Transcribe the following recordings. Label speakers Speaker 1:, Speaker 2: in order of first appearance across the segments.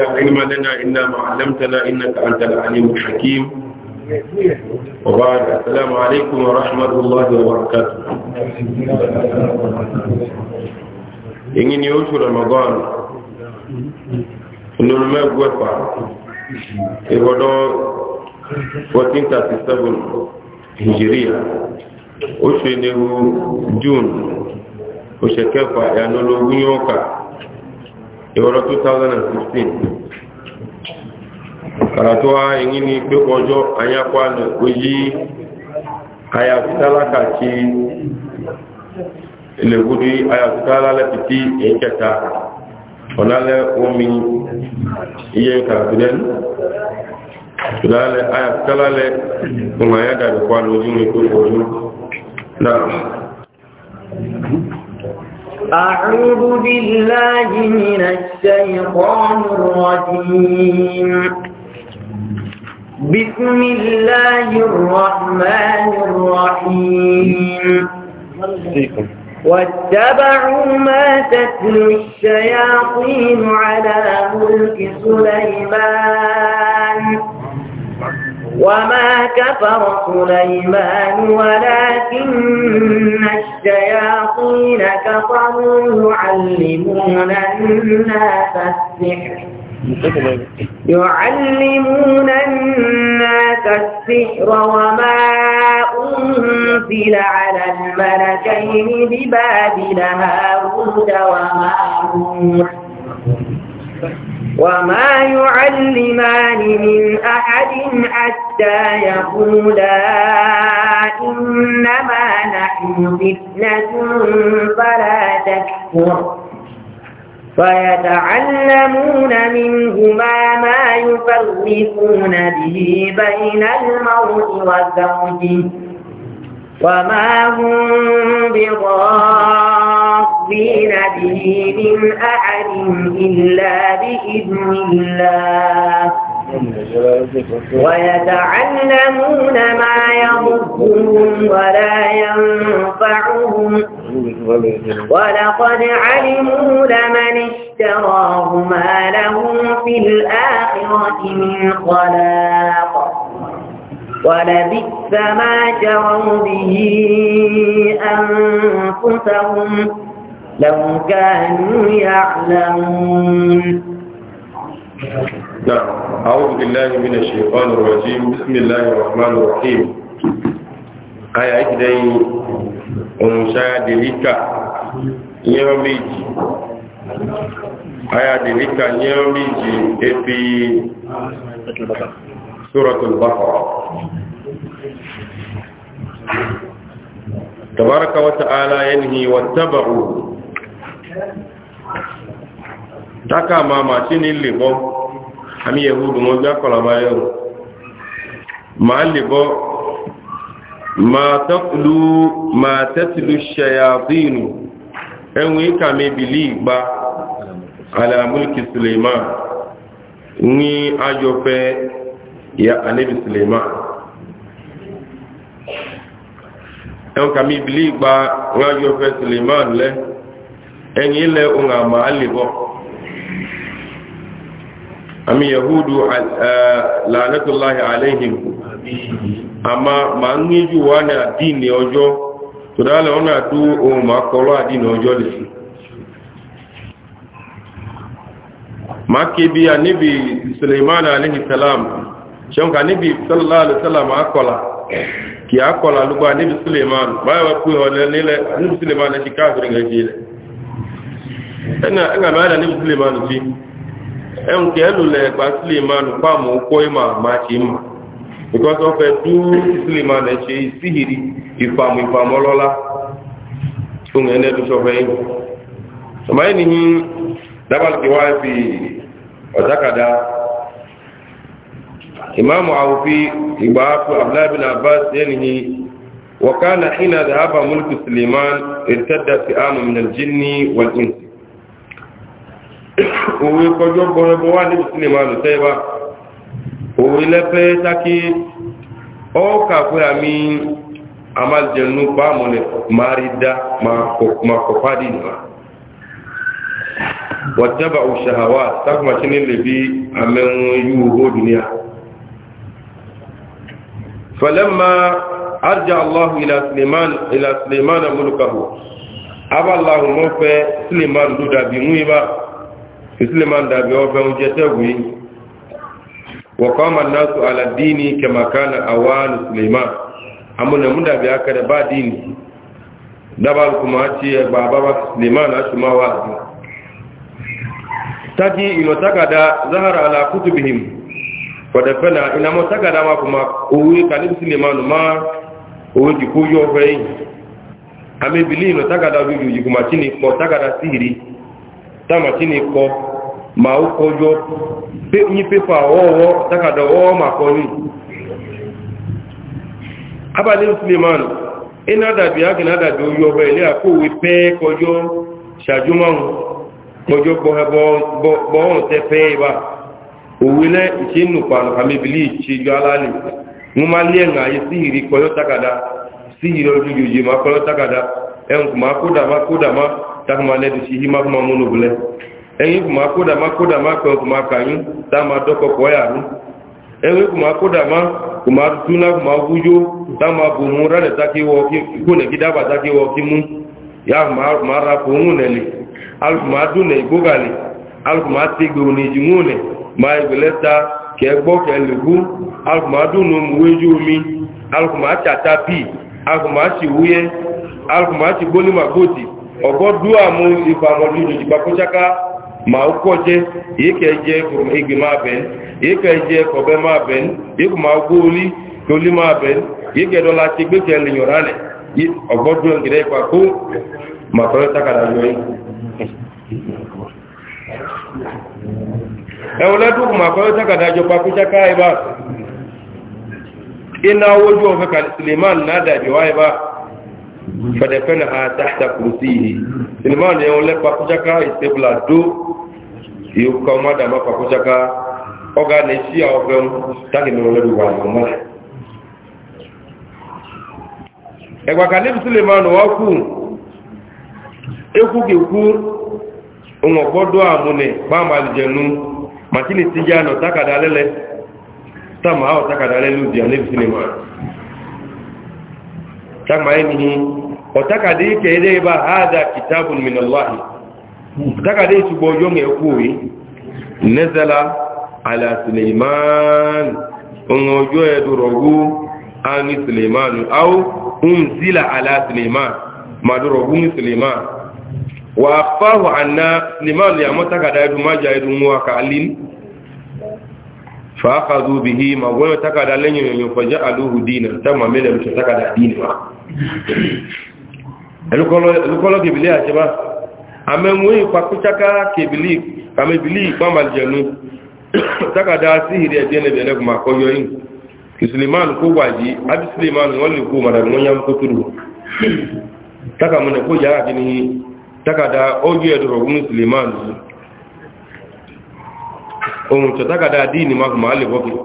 Speaker 1: علم لنا إلا ما علمتنا إنك أنت العليم الحكيم وبعد السلام عليكم ورحمة الله وبركاته إنني يوشو رمضان إنه ما يقوفع إبدا 1437 هجرية أشهر جون أشهر كفا يعني لو بنيوكا ìwọ̀rọ̀ 2016 karatu a èyí ni pé ọjọ́ anyakwa lè oyí ayàfitálàkà tí lèkúdú ayàfitálà lẹ́pìtì èyí kẹta ọ̀lálẹ́ omi iye kàràtìlẹ́ ṣùgbọ́n ayàfitálà lẹ́ ohun àyádàbẹ̀kwa lójú ní pé ọjọ́ náà
Speaker 2: أعوذ بالله من الشيطان الرجيم بسم الله الرحمن الرحيم واتبعوا ما تتلو الشياطين على ملك سليمان وما كفر سليمان ولكن الشياطين كفروا يعلمون الناس السحر يعلمون الناس السحر وما أنزل على الملكين ببابل هاروت وماروت وما يعلمان من أحد حتى يقولا إنما نحن فتنة فلا تكفر فيتعلمون منهما ما يفرقون به بين المرء وزوجه وما هم بضارين به من أحد إلا بإذن الله ويتعلمون ما يضرهم ولا ينفعهم ولقد علموا لمن اشتراه ما له في الآخرة من خلاق ولبئس ما جروا به أنفسهم لو كانوا يعلمون
Speaker 1: نعم أعوذ بالله من الشيطان الرجيم بسم الله الرحمن الرحيم آية إجدي ومشاهد لك يوميج آية لك يوميج في سورة البقرة تبارك وتعالى ينهي واتبعوا taka mama chini libo ami yehudu moja kola bayo ma libo ma taqlu ma tatlu shayatin enwi kame bili ba ala mulki suleiman ni ajope ya anabi suleiman ẹn kàmi ìbílí gba wọn yóò fẹ́ suleiman lẹ ẹ̀yìn lẹ ohun àmà alìbọ̀ àmì yahudu lànàtòláhì aláìhìm àmà ma ń níjú wà ní àdínì ọjọ́ tó dálẹ̀ wọn àdú ohun ma kọlọ àdínì ọjọ́ lè fi ma ké bí anabi suleiman aláìhìsàlámù ṣeun ka níbi sallallahu alaihi wasallam akọla kì í akọla lugbo a níbi suleiman báyọ̀ wá pé ọ̀lẹ́ nílẹ̀ níbi suleiman ti káàkiri ń gẹ̀ẹ́jì ilẹ̀ ẹ̀nà ẹ̀nà mẹ́rin níbi suleiman fi ẹ̀hùn kẹ́ lulẹ̀ ẹ̀gbà suleiman pàmò kó ìmọ̀ máa ṣe mọ̀ because ọ̀fẹ́ tú suleiman ẹ̀ ṣe síhìrì ìfàmù ìfàmù ọlọ́lá fún ẹ̀ nẹ́ẹ̀dù sọfẹ́ yìí ọmọ yìí nìyí dábàlùkì wáyé fi ọ̀dákàdá imamu awufi igbaafu abdullahi bin abbas yanihi wa kana hina dhahaba mulku suleiman irtadda fi'amu min aljinni wal insi owe kọjọ gbọrọgbọ wà níbi suleiman tẹ́wà owe lẹ́fẹ́ taki ọ kàfẹ́ àmì amaljẹnu bámu ni marida ma kọfadi nìma wàtẹ́bà òṣèhàwà takmasí nílẹ̀ bí amẹ́hun yíò hó duniya فلما أرجع الله إلى سليمان إلى سليمان ملكه أبى الله موفى سليمان دودا بمويبا سليمان دابي وفى وجتوي وقام الناس على الدين كما كان أوان سليمان أمنا مدى بأكد با ديني دبال كما أتي بابا سليمان أشما واحد تجي إنو تكدا ظهر على كتبهم fọ̀dẹ̀fẹ́nà ìnàmọ́ ságàdá wa kò máa owó kàníbùsí lè máa nù máa owó jù kó yọ ọ̀fẹ́ yìí amébìlì ìnà ságàdá ojú yìí kò máa tí ní ta ságàdá sí ma táàmà tí ní kọ máa ó kọjọ ní pépà ọwọ́ ságàdá ọwọ́ máa kọ ní. abàlẹ́ suleiman iná dàbí agìnà dàbí ojú ọ̀fẹ́ ilé àkówé pẹ́ kọjọ
Speaker 2: owele ichi nnukwanụ ha mebili ichi jualali nwụmalie na anyị sihiri kpọrọ takada sihiri ojujuji ma kpọrọ takada enwukuma kụdama
Speaker 1: kụdama takuma neduchi ihe makuma mụ n'obule enwekuma kụdama kụdama ka okuma ka anyị tama dọkọ kpọọ ya ahụ enwekuma kụdama kuma tama bụ mụ rada takiwọ kunegide abata kiwọ kimu ya ma rapụ nwụneli alụkuma dụ na igbogali alụkuma tigbo na máa ìgbẹ̀lẹ́ ta kẹgbọ́ kẹlùkú alùkùnmádùnú mùwéjú omi alùkùnmáàtàtà bí alùkùnmáàtìwúyẹ́ alùkùnmáàtìgbónímàgbòtì ọ̀gọ́dúwà mú ìfàmọ̀lúdù ìgbàkóṣáká ma ó kọ́ jẹ́ ìkẹjẹ ìgbì máa bẹ̀ẹ́ ìkẹjẹ kọ̀bẹ máa bẹ̀ẹ́ ìkù máa gbó orí tolí máa bẹ̀ẹ́ ìkẹdọ́lá ti gbé kẹlẹ̀ yọ̀rá ẹ̀wọ̀lẹ́ tó kùnmà kọ́lọ́ tákàdá jọpa kú jáká ẹbá iná wójú ọ̀fẹ́ kàlìsìlèmán náà jọwá ẹbá fẹ̀dẹ̀fẹ́ na àtàtà kùrù sí ihe sìlèmán ni ẹ̀wọ̀lẹ́ pàkújáká ìsẹ́bùlà dó ìyókà ọmọdàmá pàkújáká ọgá ní sí ọ̀fẹ́ tákìlẹ̀wọ̀lẹ́ ọmọ gbọ́dọ̀ àmúnẹ̀ pàmà àlìjẹ̀nú makini tija no takada lele tama hao takada lele uzi alevi sinema kama enihi otakada ike ile ba hadha kitabun min Allah takada isubo yonge kuwi nazala ala Suleiman ongojo edurogu ani Suleiman au umzila ala Suleiman madurogu Suleiman wa fahu anna liman ya mutaka da idu maja idu muwa ka alin fa akhadhu bihi ma goyo taka da lenyo yo faja aluhu dinan tamma mele mtu taka da dini wa alukolo alukolo ke bilia chama amemwe kwa kuchaka ke bili kama bili kwamba aljanu taka da sihiri ya ko waji abi sliman wali ko mara ngonya mkuturu taka mun ko ya ni takada ojú ẹ̀dọ̀ ọ̀gbọ́n suleiman lù ohun tó takada díìnì máa kùmà lè wọ́pẹ̀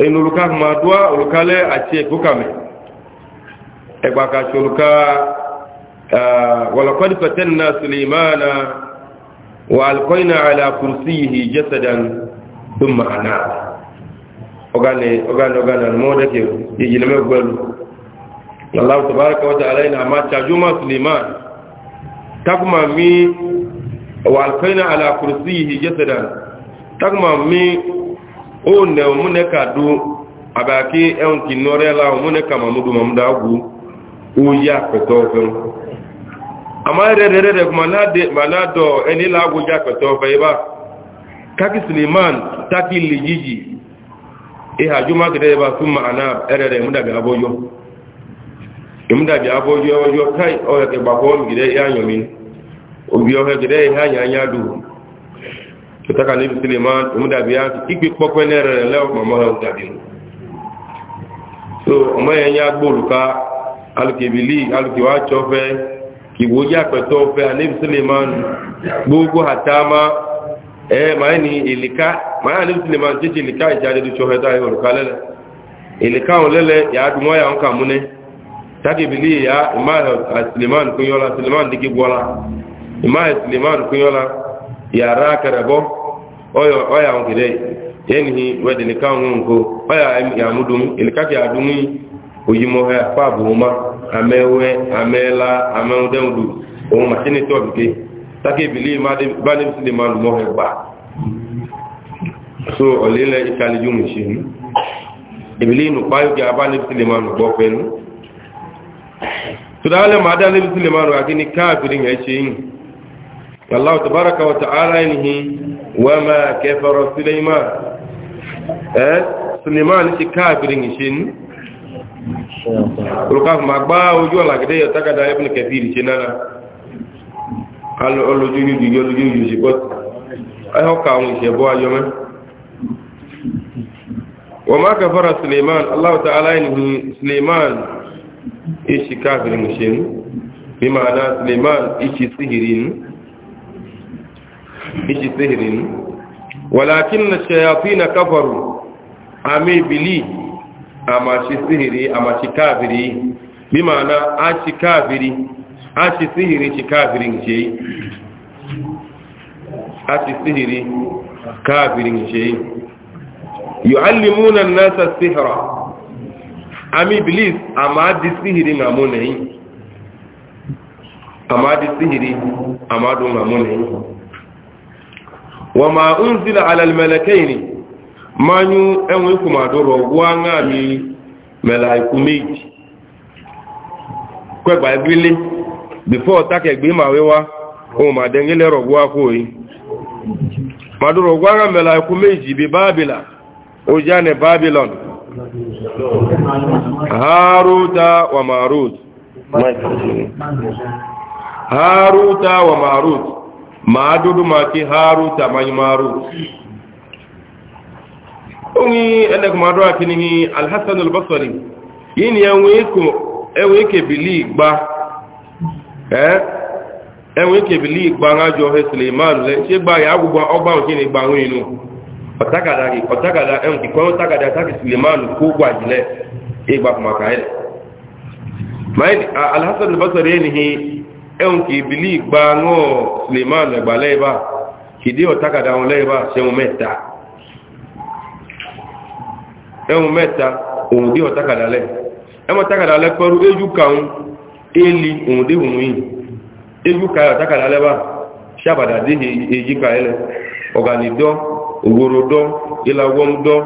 Speaker 1: ẹ̀yìn olùká kùmà dúwà olùkálẹ̀ àti ẹ̀kọ́kàmẹ̀ ẹgbàkàtí olùká wàlọ́kọ́dìfẹ̀tẹ́n náà suleiman wà alkọ́ìnà alákùnsí yìí jẹ́sẹ̀dán tó màánà ọ̀gánà ọ̀gánà mọ́ọ́dẹ́kẹ̀ yìí jìnnà mẹ́gbẹ́lú Allah tabaraka wa ta'ala ina ma tajuma Suleiman takma mi wa alfaina ala kursiyihi jasadan takma mi o ne mune ka du abaki en ki nore la mune ka mamudu mamda gu o ya peto fe ama re re re kuma na de mana do eni la gu ja peto Suleiman taki lijiji e hajuma kede imdabi abụọ ojo kai o ke babo gide yanyo mi obi o gide ya nya nya du ni suleiman ya ikpe nere le o mama ha imdabi so omo ye nya gboluka fe ani suleiman hatama e ma ni ilika ma ani suleiman titi ilika ijade du chofe ta e olukale ilika ya dumo ya onka mune takibili ya ima asiliman kunyola asiliman diki gwala ima asiliman kunyola ya ra karabo oyo oya ngire yenhi wedini kangu nko oya ya mudum ilikaki adumi ujimo ha pabuma amewe amela ameudendu o machine to bike takibili ma de bani asiliman mo heba so olile ikali jumishi ibilinu payo ya bani asiliman bo penu tudale ma da nabi sulaiman wa kini kafirin ya ce yin Allah tabaraka wa ta'ala inhi wa ma kafara sulaiman eh sulaiman shi kafirin shi ne ruka ma gba ojú ala gede ya takada ibn kafir shi nana al oloju ni di oloju ni shi bot ay ho ka won bo ayo me wa ma kafara sulaiman Allah ta'ala inhi sulaiman ishi kafiri mushinu bimaana suleiman ishi sihirin ishi sihirin walakin na shayatina kafaru ame bili amashi sihiri amashi kafiri bimaana ashi kafiri ashi sihiri shi kafiri nje ashi sihiri kafiri nje yuallimuna an-nasa sihra ami iblis ama di sihiri nga mu na yi ama di sihiri ama do nga mu na yi wa ma unzila ala almalakaini manyu enwe kuma do ro gwa nga mi malaiku meji kwe ba ibili before take gbe ma we wa o ma dengele ro gwa ko yi ma do ro gwa nga malaiku meji bi babila o jane haruta wa marut haruta wa marut ma dudu ma ki haruta ma marut ongi ene ko madwa kini al-hasan al-basri yin ya weko ewe ke bili gba eh ewe ke bili gba ngajo he suleiman le se gba ya gbo ogba o kini gba won inu ọ̀tàgàdà rẹ̀ ọ̀tàgàdà ẹ̀hùn kìkọ́ ọ̀tàgàdà tàbí sulemanu kó gbà jìlẹ̀ ẹgbà alhassan albasar yẹn ni ẹ̀hùn eh, kì bìlì gbà ńọ́ sulemanu ẹgbà lẹ́ẹ̀bà kìdí ọ̀tàgàdà wọn lẹ́ẹ̀bà ṣẹ́hùn mẹ́ta eh, ògbòrò dọ́ ilẹ̀ agbọ́m dọ́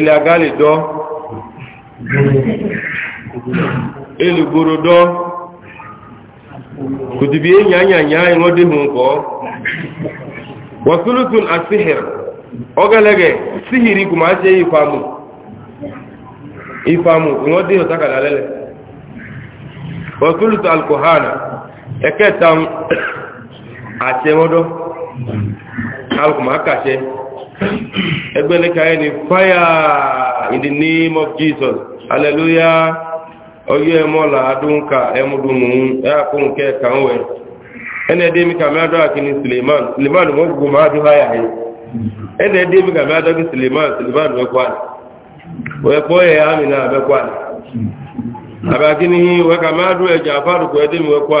Speaker 1: ilẹ̀ agálì dọ́ ilẹ̀ ògbòrò dọ́ kò ti bí yányányá ìwọ́n dé hùn kọ́ wàsúlùtún àsíhìr ọgẹ́lẹ́gẹ̀ síhìrì kò ṣe ìfàmù ìfàmù ìwọ́n dé ọ̀tákàlà lẹ́lẹ̀ wàsúlùtún alkòhánà ẹ̀kẹ́ta àtẹwọ́dọ́ alùpùpù àkàṣẹ ẹgbẹ́lẹ́ka ẹni fire in the name of jesus hallelujah ọyọ́ ẹmọ́ làádúnkà ẹmúdùmù ẹ́àkóǹkẹ́ kàánwẹ̀ ẹni ẹdẹ́ mi kàmí àdọ́ àkíní suleiman suleiman wọ́n gbogbo máa dún háyà yìí ẹni ẹdẹ́ mi kàmí àdọ́ kí suleiman suleiman wẹ́kọ́ àná ẹ̀ àmìnà àbẹ́kọ́ àná wẹ́kàmí àdọ́ ẹ̀jà àfárùkù ẹdẹ́ mi wẹ́kọ́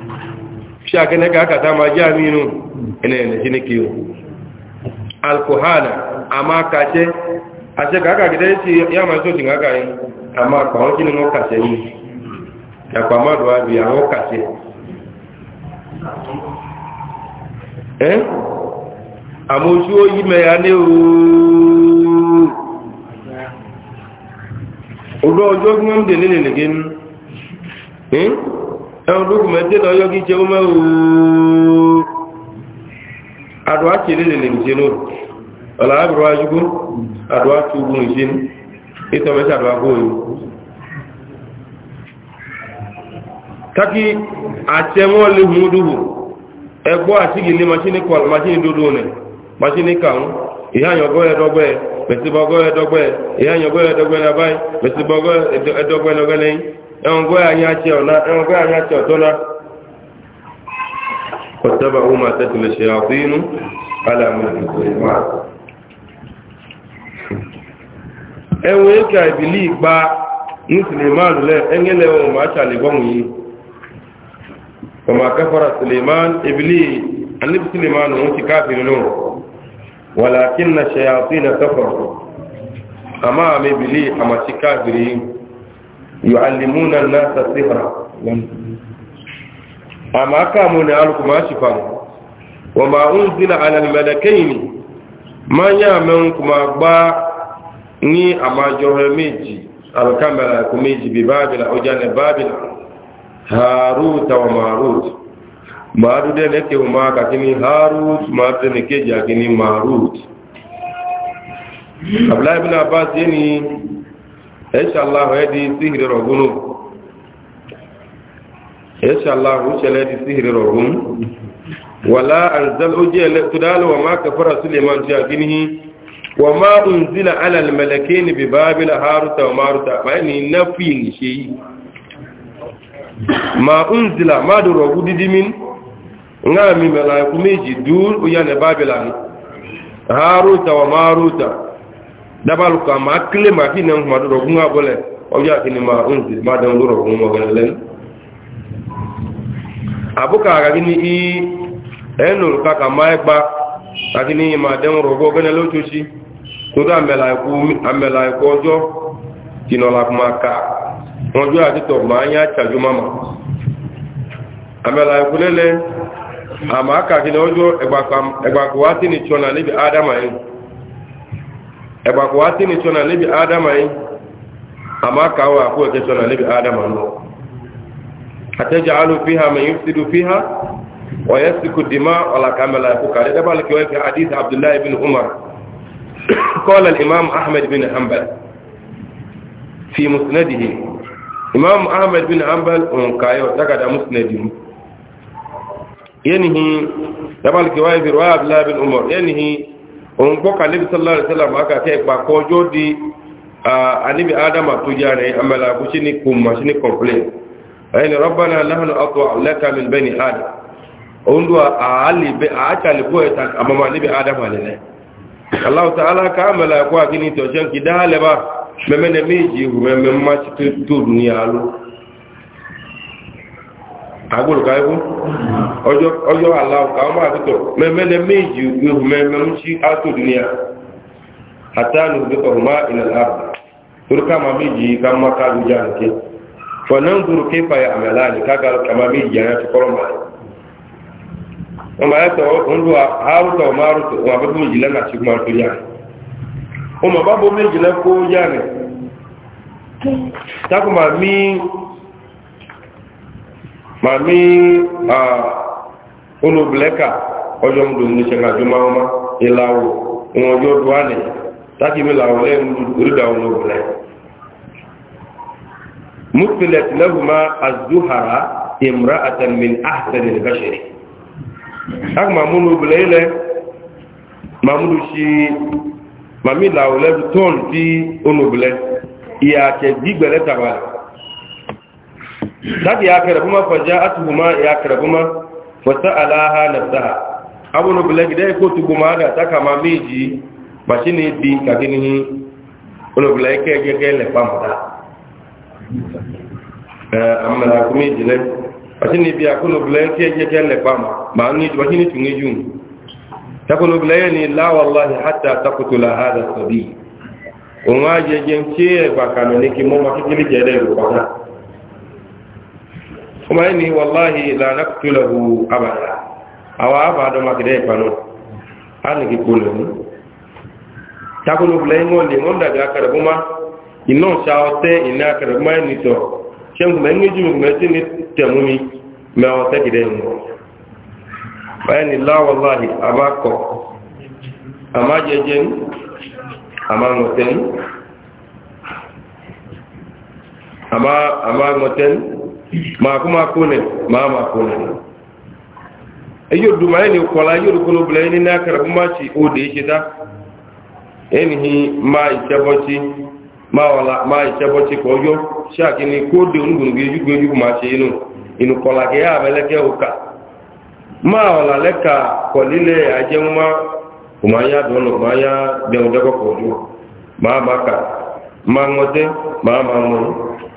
Speaker 1: shi aka na ga ta ma ja minu ina yana shi nake yau alkohana a ce ga gida ya ce ya mai sojin haka yi amma kwamon kinin o kace yi ya kwamon da wabi ya o kace eh àmọ́ tí ó yí mẹ́ya ní oòrùn ọjọ́ ọjọ́ gbọ́ndẹ̀ nílẹ̀ lẹ́gẹ́ ní ẹ̀rùn lókùnmẹ́tẹ́ lọ yọ́ kí jẹ́ ọmọ ooo àdúwà tí lè lè jẹ́ náà ọ̀là àbúrò ajúgbó àdúwà tí ó gùn ìṣẹ́ ní ìtọ́mẹ́sẹ̀ àdúwà góòlù kákí àtẹ́wọ́n lè mú dúbò ẹgbọ́ àtígì ní maṣíní dúdú nẹ̀ maṣíní kàún ìhàyàngọ́ ẹ̀dọ́gbẹ́ pẹ̀sìbọ́gọ́ ẹ̀dọ́gbẹ́ ìhàyàngọ́ ẹ̀dọ́gbẹ́ ẹ̀wọ̀n gbọ́yà ní àti ọ̀tọ́lá ọ̀tọ́bà ó máa tẹ́tìlẹ̀ ṣe àfihàn alàmìlì ẹ̀wọ̀n yíká ìbìlì ìgbà ní suleiman lẹ́ ẹ̀ngẹ́lẹ̀ ohun máa ṣàlẹ̀gbọ́n yìí ọmọ akẹ́fọ́ra suleiman ìbìlì na ṣe àfihàn kẹfọ́ àmà àmì ìbìlì àmàṣí káàkiri yìí yu'allimuna an-nasa sihra amma kamu ne alkuma shi famu wa ma unzila ala al-malakaini ma ya men kuma gba ni amajo meji alkamala ku bi babila o babila harut wa marut maru de ne ke ka kini harut maru de ne ke ja kini marut abla ibn abbas yani inshallah edi sihiri rogunu inshallah uchele edi sihiri rogum wala anzal ujele tudala wa ma kafara suleiman jaginihi wa ma unzila ala almalakain bi babil haruta wa maruta ma ni nafi ni sheyi ma unzila ma do rogu didimin nga mi mala ku meji dur uyane babila haruta wa maruta dabalu ka ma kile ma fi ne ma do gun bole o ma un ma dan do gun mo gan abuka ga ni i enul ka ka ma egba ma dan ro go gan lo chuchi to da mela ku amela ko jo la ma ka won jo ati to ma cha ju amela ku lele ama ka egba egba ni chona ni ẹ̀bà kò wá tí ni tíọ́nà níbi ádámà yìí a máa kàwọ́ àkó ẹ̀kẹ́ tíọ́nà níbi ádámà náà àtẹ́jà alù fi ha mẹ́yìn sídú fi ha ọ̀yẹ́ síkù dìmá ọ̀làkàmẹ́lá ẹ̀kú kàrí ẹ̀bà lókè wọ́n fi hadith abdullahi bin umar قال الإمام أحمد بن حنبل في مسنده إمام أحمد بن حنبل أنكايو تكاد مسنده ينهي يبالك واي في رواية عبد الله بن عمر ينهي òun gbọ́ ka níbi sọ́lá rẹ̀ sọ́lá máa kàkẹ́ ìpa kọ́ ọjọ́ di àníbi ádámà tó yá rẹ̀ amẹ́lá kó sí ní kò mà sí ní kọ̀m̀plẹ̀n ẹni rọ́bánà láhàánú ọkọ̀ lẹ́ka mi bẹ́ẹ̀ ni ádà òun dùn àálìbẹ́ àákàlìkó ẹ̀ta àmọ́mọ́ níbi ádámà lẹ́lẹ́ aláwọ̀ta aláka amẹ́lá kó àkíní tọ̀ṣẹ́ kì dáhàlẹ́bà mẹ́mẹ́nẹ́ méjì rù mẹ́mẹ́ má tó dùn agbolo ka ebo ọjọ ọjọ aláwọ ká ọmọ àtútọ mẹmẹlẹ méjì ihu mẹmẹmú sí àtò dúnìá àtàlù nípa ọmọ ìlànà àbò torí ká máa ka ká má ká ló já nìké fọnà ń dúró kéfà yà àmàlà ya. na mami olùbìlẹ́kà ọjọ́ mú lòun ní ṣe àjọ máa ma ìlàwò ìwọ̀n ọjọ́ ọdún àlè tàbí ìlàwò lẹ́yìn orílẹ̀ àwọn olùbìlẹ̀ mùsùlẹ̀ lẹ́hùnmá azúhara ìmúra àtẹnumìn àtẹnumìn ma káàkùnmá mú ma ilẹ̀ mamudu ma mami ìlàwò lẹ́dùn tóun tí iya ìyà àtẹ̀dígbẹ̀lẹ́ tàbàlẹ̀ dak ya karbuma fa ja'atuhuma ya karbuma fa sa'alaha nafsaha abu no bilagi dai ko tu guma da ta kama meji mashini bi ka gini ono bilai ke ke ke le pamda eh amma la kumi jile mashini bi akuno bilai ke ke ke le pam ma ni mashini tungejun takono bilai ni la wallahi hatta taqtula hadha sabi onwa je je nche bakano ni kimo makikili jere ko kuma ni wallahi la naqtulahu abada awa abado magde pano ani ki kulun takunu blengo le monda ga karbuma ino shaote ina karbuma ni to shengu mengi jumu meti ni temumi me ote gide mo bayani la wallahi abako ama jejen ama ngoten ama ama ngoten ma ko ma ko ne ma ma ma ni ko la ko no ni na kara ma ci o de ci da eni hi ma ite bochi ma wala ma ite ko yo sha ni ko de un gunu ma ci inu inu ko la ke ya bele maa ka ma wala le ko lile aje ya do no ma ya ma ma ka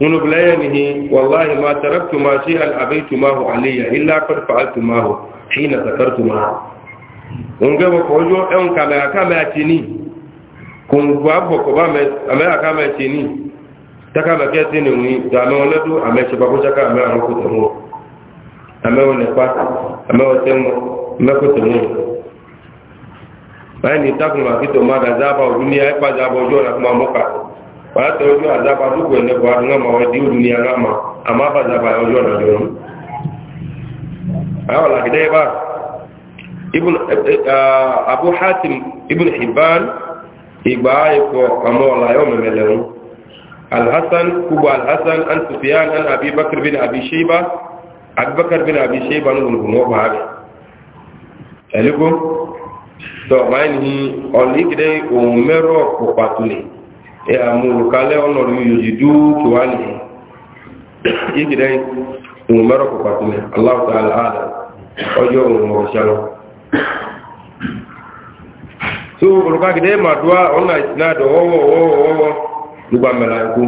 Speaker 1: mun bilayanihi wallahi ma taraktu ma shay'an abaytumahu alayya illa qad fa'altumahu hina zakartumahu unge bo kojo en kame akame atini kun gwa bo ko ba me ame akame atini taka me kete ni wi da me oledu ame che babu chaka ame an ko temo ame one pa ame o temo me ko temo bani takuma wàtò ojú àzába dúkù ẹ̀nẹ́kọ̀ àdúgbàmà ọdí òdúnni aláàmà àmà àbàzába ọjọ́ ọ̀nàjọ́ ọ̀run àwọn làgídẹ́ bá abu hatim ibn hibban ìgbà ikọ̀ àmọ́ ọ̀làyọ́ mẹ́mẹ́lẹ́rún alhassan kubu alhassan an sufiyan an abubakar bin abisheba abubakar bin abisheba ní gbogbo wọn bá rẹ̀ ẹ̀lẹ́gbọ́n tọ́ báyìí ni ọ̀lẹ́gídẹ́ òun mẹ́rọ̀ kò pàtó lè àmúrùkálẹ́ ọ̀nà yòjì dúkì wá ní ìgbìdẹ́ ìwọ̀n mẹ́rọ kò pàtàkì aláwọ̀ta aláàdà ọjọ́ òun ọ̀ṣẹ́lọ tó olùkágidẹ́ màdúwá ọ̀nà ìsinádọ̀ wọ́wọ́wọ́wọ́ nígbà mẹ́ra ka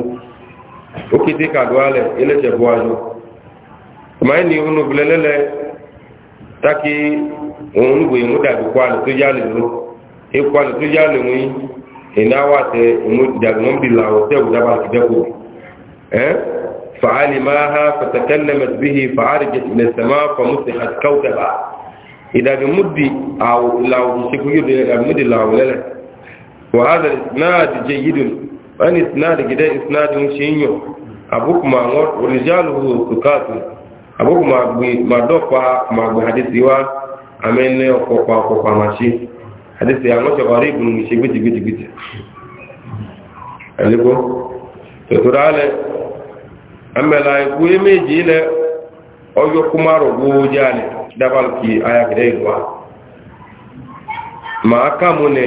Speaker 1: ó kété kàdúwálẹ̀ ilẹ̀ṣẹ̀ ni ina wate dagnum bila wate udaba kidaku eh فعلمها فتكلمت به فعرجت من السماء فمسحت كوكبا اذا بمدي او لو شكو يد مدي لو لا وهذا الاسناد جيد ان اسناد كده اسناد شينيو ابوك ما ورجاله ثقات ابوك ما ما دوفا ما حديث يوا امين اوكو اوكو ماشي àdìsí àwọn ṣọ̀kọ̀rí ìbùn mi ṣe gbìtìgbìtìgbìtì ẹ̀lẹ́kọ́ tòtòrò alẹ́ ẹmẹ́la ikú méjì ilẹ̀ ọjọ́ kúmárò gbóójá alẹ́ dábàlùkì ayàkìdẹ́ ìgbà máa kàmù ní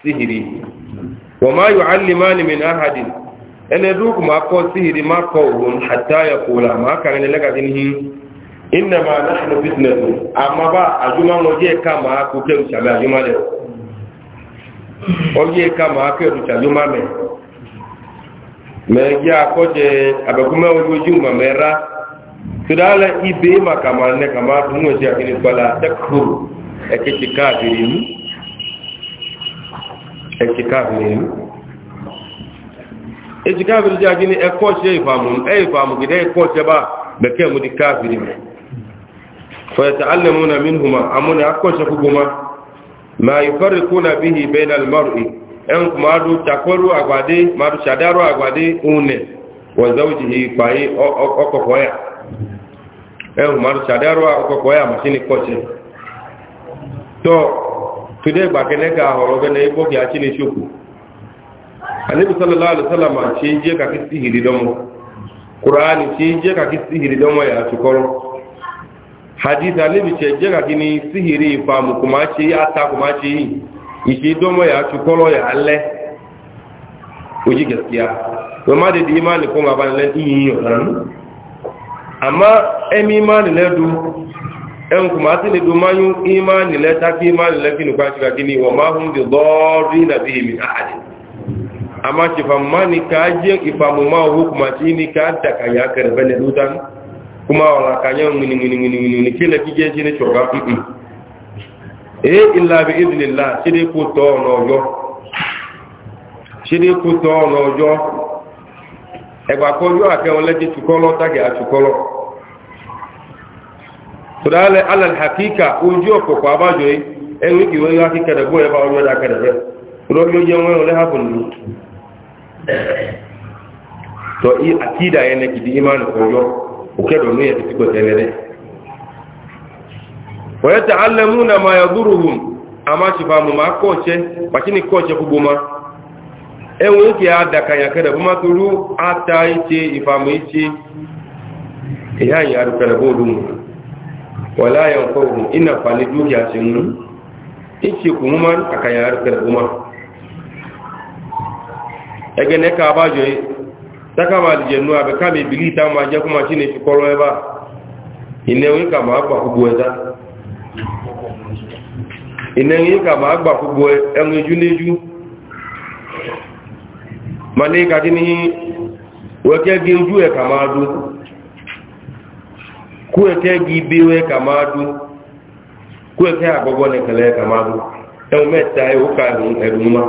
Speaker 1: síhìrì wọ́n máa yọ alìmánì mi náà hadì ẹni dúkù máa kọ́ síhìrì máa kọ́ òun àtàyàkùlà máa kàrin lẹ́gàdínhìn innama nahnu fitnatu amma ba ajuma ngoje kama ku ke usabe ajuma le oje kama ke utajuma me me ya koje ojuma mera tudala ibe makama ne kama tunwe ya kini bala takfur ekiti kafirin ekoche ifamu ifamu gide ekoche ba beke mu di فيتعلمون منهما أمون أكون شكوكما ما يفرقون به بين المرء أنكم أدو تقولوا أقوادي ما أدو شداروا أقوادي أونه وزوجه فاي أكوكويا أنكم أدو شداروا أكوكويا ماشيني كوشي تو tude gbakene ka horo bene ibo ki achini shuku anabi sallallahu alaihi wasallam chi je ka kisihiri domo qur'ani chi je ka kisihiri domo ya chukoro hadith alebice jega gini sihiri ifamu kuma ata kuma ce yi ya ci ya alle oji gaskiya to ma da di imani ko ma ban lan yi yo ran amma emi imani le du en kuma ti du mayu imani le ta ki imani le kinu kwa shiga gini wa ma hum bi bihi min ahad amma ci famani ka je ifamu ma hukuma ci ni ka ta ka ya karbe ne dutan kuma wala kanya ngini ngini ngini ngini kila kije jini choga mm e illa bi idnillah sidi ku to no yo sidi ku to no yo e gba ko yo ake on leji tukolo tagi atukolo tudale ala alhaqiqa ujo ko ko e, e ki de ba o da be ro yo je le ni ene ki di ko وكانوا نية ya تنين ويتعلمون ما يضرهم أما شفاهم ما كوشة وكيني كوشة كبوما ẹwọ́n ìkè àdàkà yàkẹ́dẹ̀ bó má torú àtà ìṣe ìfàmù ìṣe ìyá taka ma aljannu abe kama ibili ta ma je kuma shine fi koro eba inewe ka ma gba kugbo eta inewe ka ma gba kugbo enu eju e neju mane ka kini weke gi nju e ka ma du ku ke gi biwe ka ma du ku ke agogo ne kele ka ma du enu meta e o ka ru ma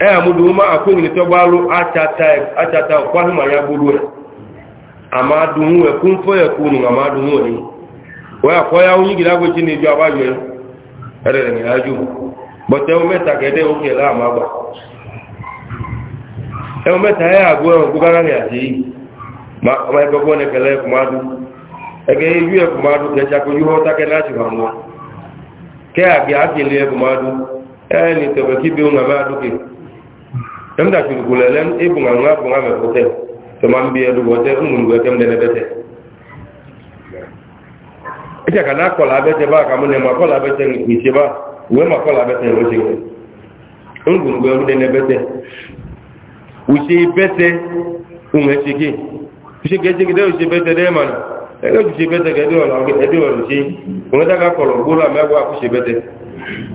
Speaker 1: ee eh, mụ ma akwụghị tọgbalụ achata kwaghị ma ya gburu ya amadunwe kumfo ya kunu amadunwe waya koya unyi gida go chini jo abajo erere ni aju bote o e eh, ya agbo o ku kana ya ji ma ma ko ko ne e cha ke ni to be ki bi un kemda fi gulelen ibunga e nga bunga me kote to man biye du gote ngun ụmụ kem dene bete ita e kana kola bete ba kamu ne ma kola bete ni ti ba we ma kola bete ro ti ngun go dene bete usi bete unwe chiki usi geje gide usi bete de man e bete gula me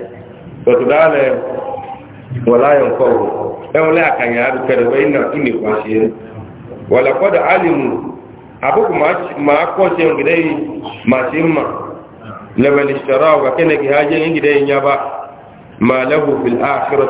Speaker 1: ọ̀tọ̀dáàlẹ̀ wọ̀láyọ̀ kọ̀wọ̀ ẹwọlẹ́ àkànyà àdùkẹrẹwẹ́ iná ìnìkú àṣẹ wọ̀làkọ́dà alìmù àbúkù máa kọ́ṣẹ́ ògidẹ́ yìí máa ṣe ń lẹ́wẹ̀lì ṣọ́rọ̀ ọ̀gá kẹ́nẹ̀kì ajé ìgidẹ́ yìí ya máa lẹ́wọ̀ fi àṣírọ̀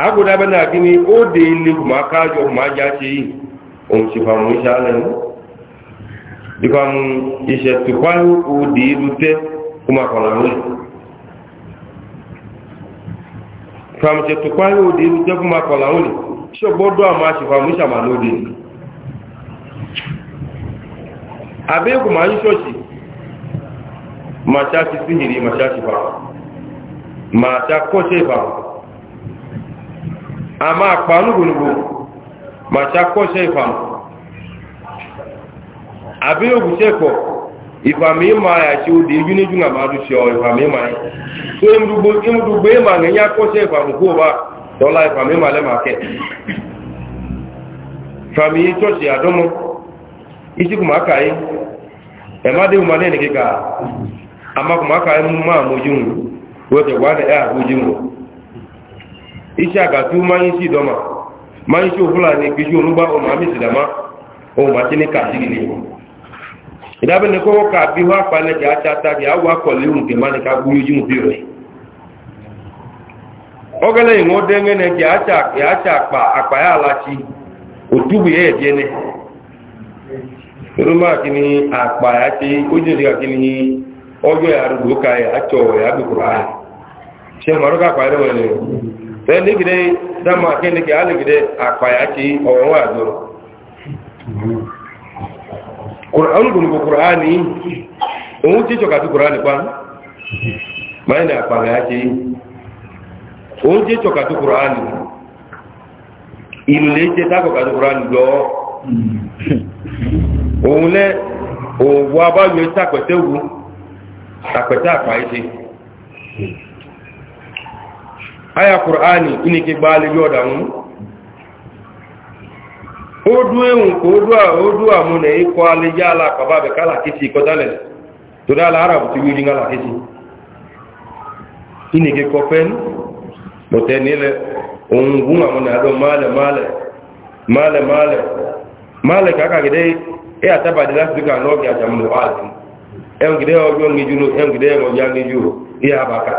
Speaker 1: agbada bɛ naa kini o de le kuma kaa jɔ kuma ja se yi òun si famu isa lɛ nu ifamu isɛtukpalu o de lu tɛ kuma kɔnɔ lɛ famu isɛtukpalu o de lu tɛ kuma kɔnɔ lɛ sɔgbɔ do a ma si famu isa ma n'o de lu abe kuma yi sɔsi masa ti sihiri masa ti fa masa kɔse fa. àmà àpá onúgbòlùgbò màṣá kọ́ṣẹ́ ìfàmù àbí òkùṣẹ́ pọ̀ ìfàmì ìmà àyàṣẹ́ òdì ìjú ịma nà máa dùṣẹ́ ọ ìfàmì ìmà yìí tó ìmúdùgbò ìmà ní yá kọ́ṣẹ́ ìfàmù kó bá tọ́lá ìfàmì ìmà lẹ́mà yìí tọ́ṣì àdọ́mọ́ kàáyé kàáyé mú máa mójú wọ́n tẹ̀wá ní ẹ̀ wọn iṣẹ́ àgàtú máa ń sí ìdọ́mà máa ń ṣe òfúlàní gbíṣú onúgbà ọmọ amísìlámá ohun àti ní kàṣílì ìdábẹ́ni kọ́wọ́ ká bí wá palẹ̀kẹ́ àtàtàkì àwọn akọ̀lẹ̀ ohun kẹ̀ máa ní ká gúrú ni bí rẹ̀ ọgẹ́lẹ̀ akpa dẹ́ngẹ́nẹ́ kí àpáyà bẹ́ẹ̀ ní gidẹ́ dámà kíni kí á lè gidẹ́ àpàyà kí ọ̀wọ̀n wà
Speaker 3: gbọ́rọ̀
Speaker 1: olùgbòlùgbò kùránì òun tí ìjọkàtí kùránì pa máa ní àpàyà kí òun tí ìjọkàtí kùránì ilé jẹ́ tákọ̀kàtí kùránì lọ òun lẹ́ òwò abáyọ̀ ìtàpẹ̀tẹ̀wò àpẹ̀tẹ̀ àpàyà aya qur'ani inike gbaa aliyu yoda mu odu ehun ko odu a odu a mu ne iko ale ya ala ko ba be kala kiti ko dale to ti yudi ngala kiti ini ke ko pen mo tenile ka ga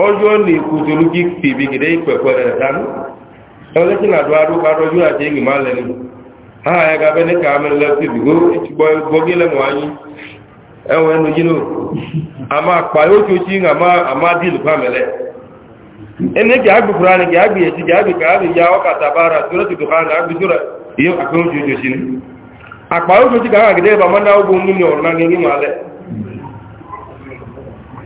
Speaker 1: ọjọ́ ní ìkùtùlù kí pèbè gẹ̀dẹ́ ìpẹ̀pẹ̀ rẹ̀ dánú ẹgbẹ́ tí nàdó arúgbó arọ́jú àti èyí máa lẹ́nu àà ẹ̀ka abẹ́ni kàámẹ́ lẹ́pẹ́ bìgó ìtìgbọ́ ha lẹ́wọ̀n ayé ẹ̀wọ̀n ẹnu jínú àmà pa tó sí àmà dìlù pàmẹ́lẹ̀ ẹni kì ágbèkùrọ̀ àni kì ágbè kì ágbè kàábè ya ọkà tàbára sórẹ́tìtò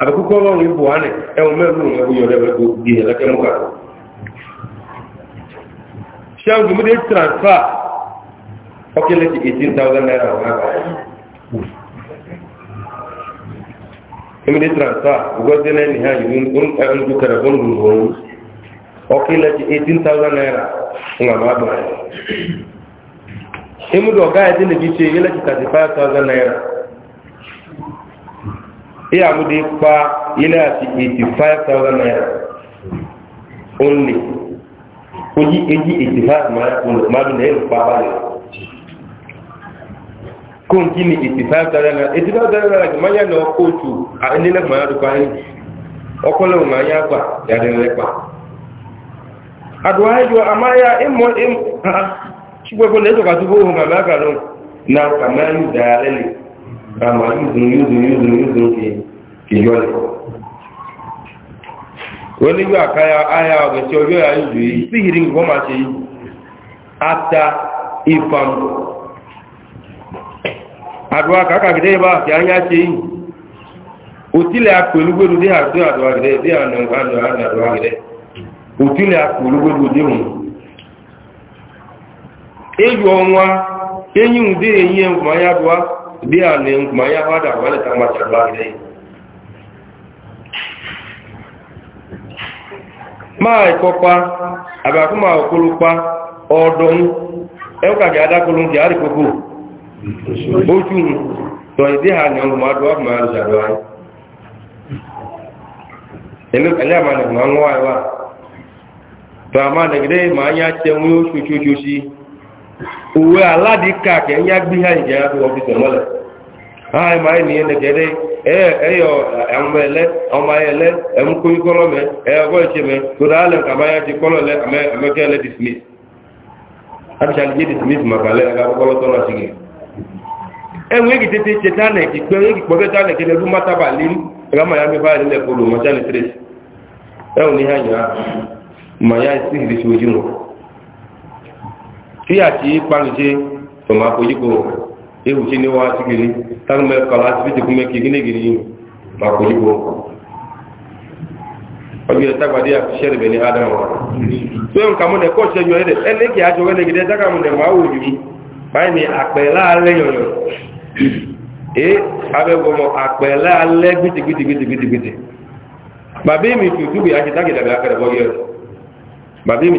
Speaker 1: àbẹ̀kúkọ́ ọlọ́run ipò wà ní ẹwọ̀n mẹ́rin ẹwú yọrẹ ẹ̀kọ́ di ẹ̀lẹ́kẹ́ mọ́kà ṣẹ́wọ̀n jùmọ́dé transfer ọkẹ́lẹ́ ti 18,000 naira wọ́n náà jùmọ́dé transfer ọgọ́dé na ha yìí ń ju kẹrẹ̀fọ́n dùn òun ọkẹ́lẹ́ ti 18,000 naira ń àmà bàrẹ̀ ìmúdọ̀ ọ̀gá ẹ̀dínlẹ̀ kìí ṣe ẹ̀lẹ́ ti 35,000 naira iya mudi pa ina ti 85,000 naira only eji 85 naira na elu pa bale kun 85,000 naira 85,000 naira ki manya na otu a ndị na ma ya dukwa anyị ma anya ya dị nlekwa adụwa ịjụ ama ya ịmụ ịmụ ha chikwekwe na ịtọkatụ bụ ma na ama yúdùn yúdùn yúdùn yúdùn kì yọ lẹ. ó nígbà káyà áyà ọ̀gẹ̀ tí ọjọ́ yà yúdùn yìí sí ìrì nǹkan máa ṣe yìí ata ìfam àdúrà kàkàgídé bá àti ányá ṣe yìí òtílẹ̀ àpèlúgbèlú dé àdúrà àdúrà gẹ̀dẹ̀ dé àná òtílẹ̀ dé enyi ya nkwa dia ni kumanya pada wale tambah terbalik máa ìkọpa àbàkúmà òkúlùpa ọdún ẹwùkàkì adákùnrin kì áàrì gbogbo ojú tọ ìdí ha ní ọmọ adọ́ ọmọ àrùsàdọ́ òwe aládìíkà kẹ̀yà gbí hàn jẹ́ àti wọ́n fi tẹ̀mọ́lẹ̀ ààyè máa ní ẹnì kẹ́dẹ́ ẹ̀yọ ọmọ ẹ̀lẹ́ ọmọ ẹ̀lẹ́ ẹ̀mukúyí kọ́lọ́ mẹ́ ẹ̀yọkọ́ ẹ̀ṣẹ̀ mẹ́ tòdà alẹ̀ kàmáyà ti kọ́lọ́ lẹ́ amẹ́kẹ́ ẹ̀lẹ́ dismiss abisaliye dismiss màkàlẹ́ agbábọ́kọ́lọ́ tí àti ìpàlùjẹ́ tọ̀mà àpòjíkò ewu tí ní wá sígiri tánúmẹ́ kọlá sí fíjì kúmẹ́ kí gínégiri mà àpòjíkò ọjọ́ ìtagbàdé àfiṣẹ́rẹ̀ bẹ̀ ní adama tó ń kàmú nẹ̀ kọ́ ṣẹ́jọ ẹ̀dẹ̀ ẹlẹ́gì ee bàbá mi àti bàbá mi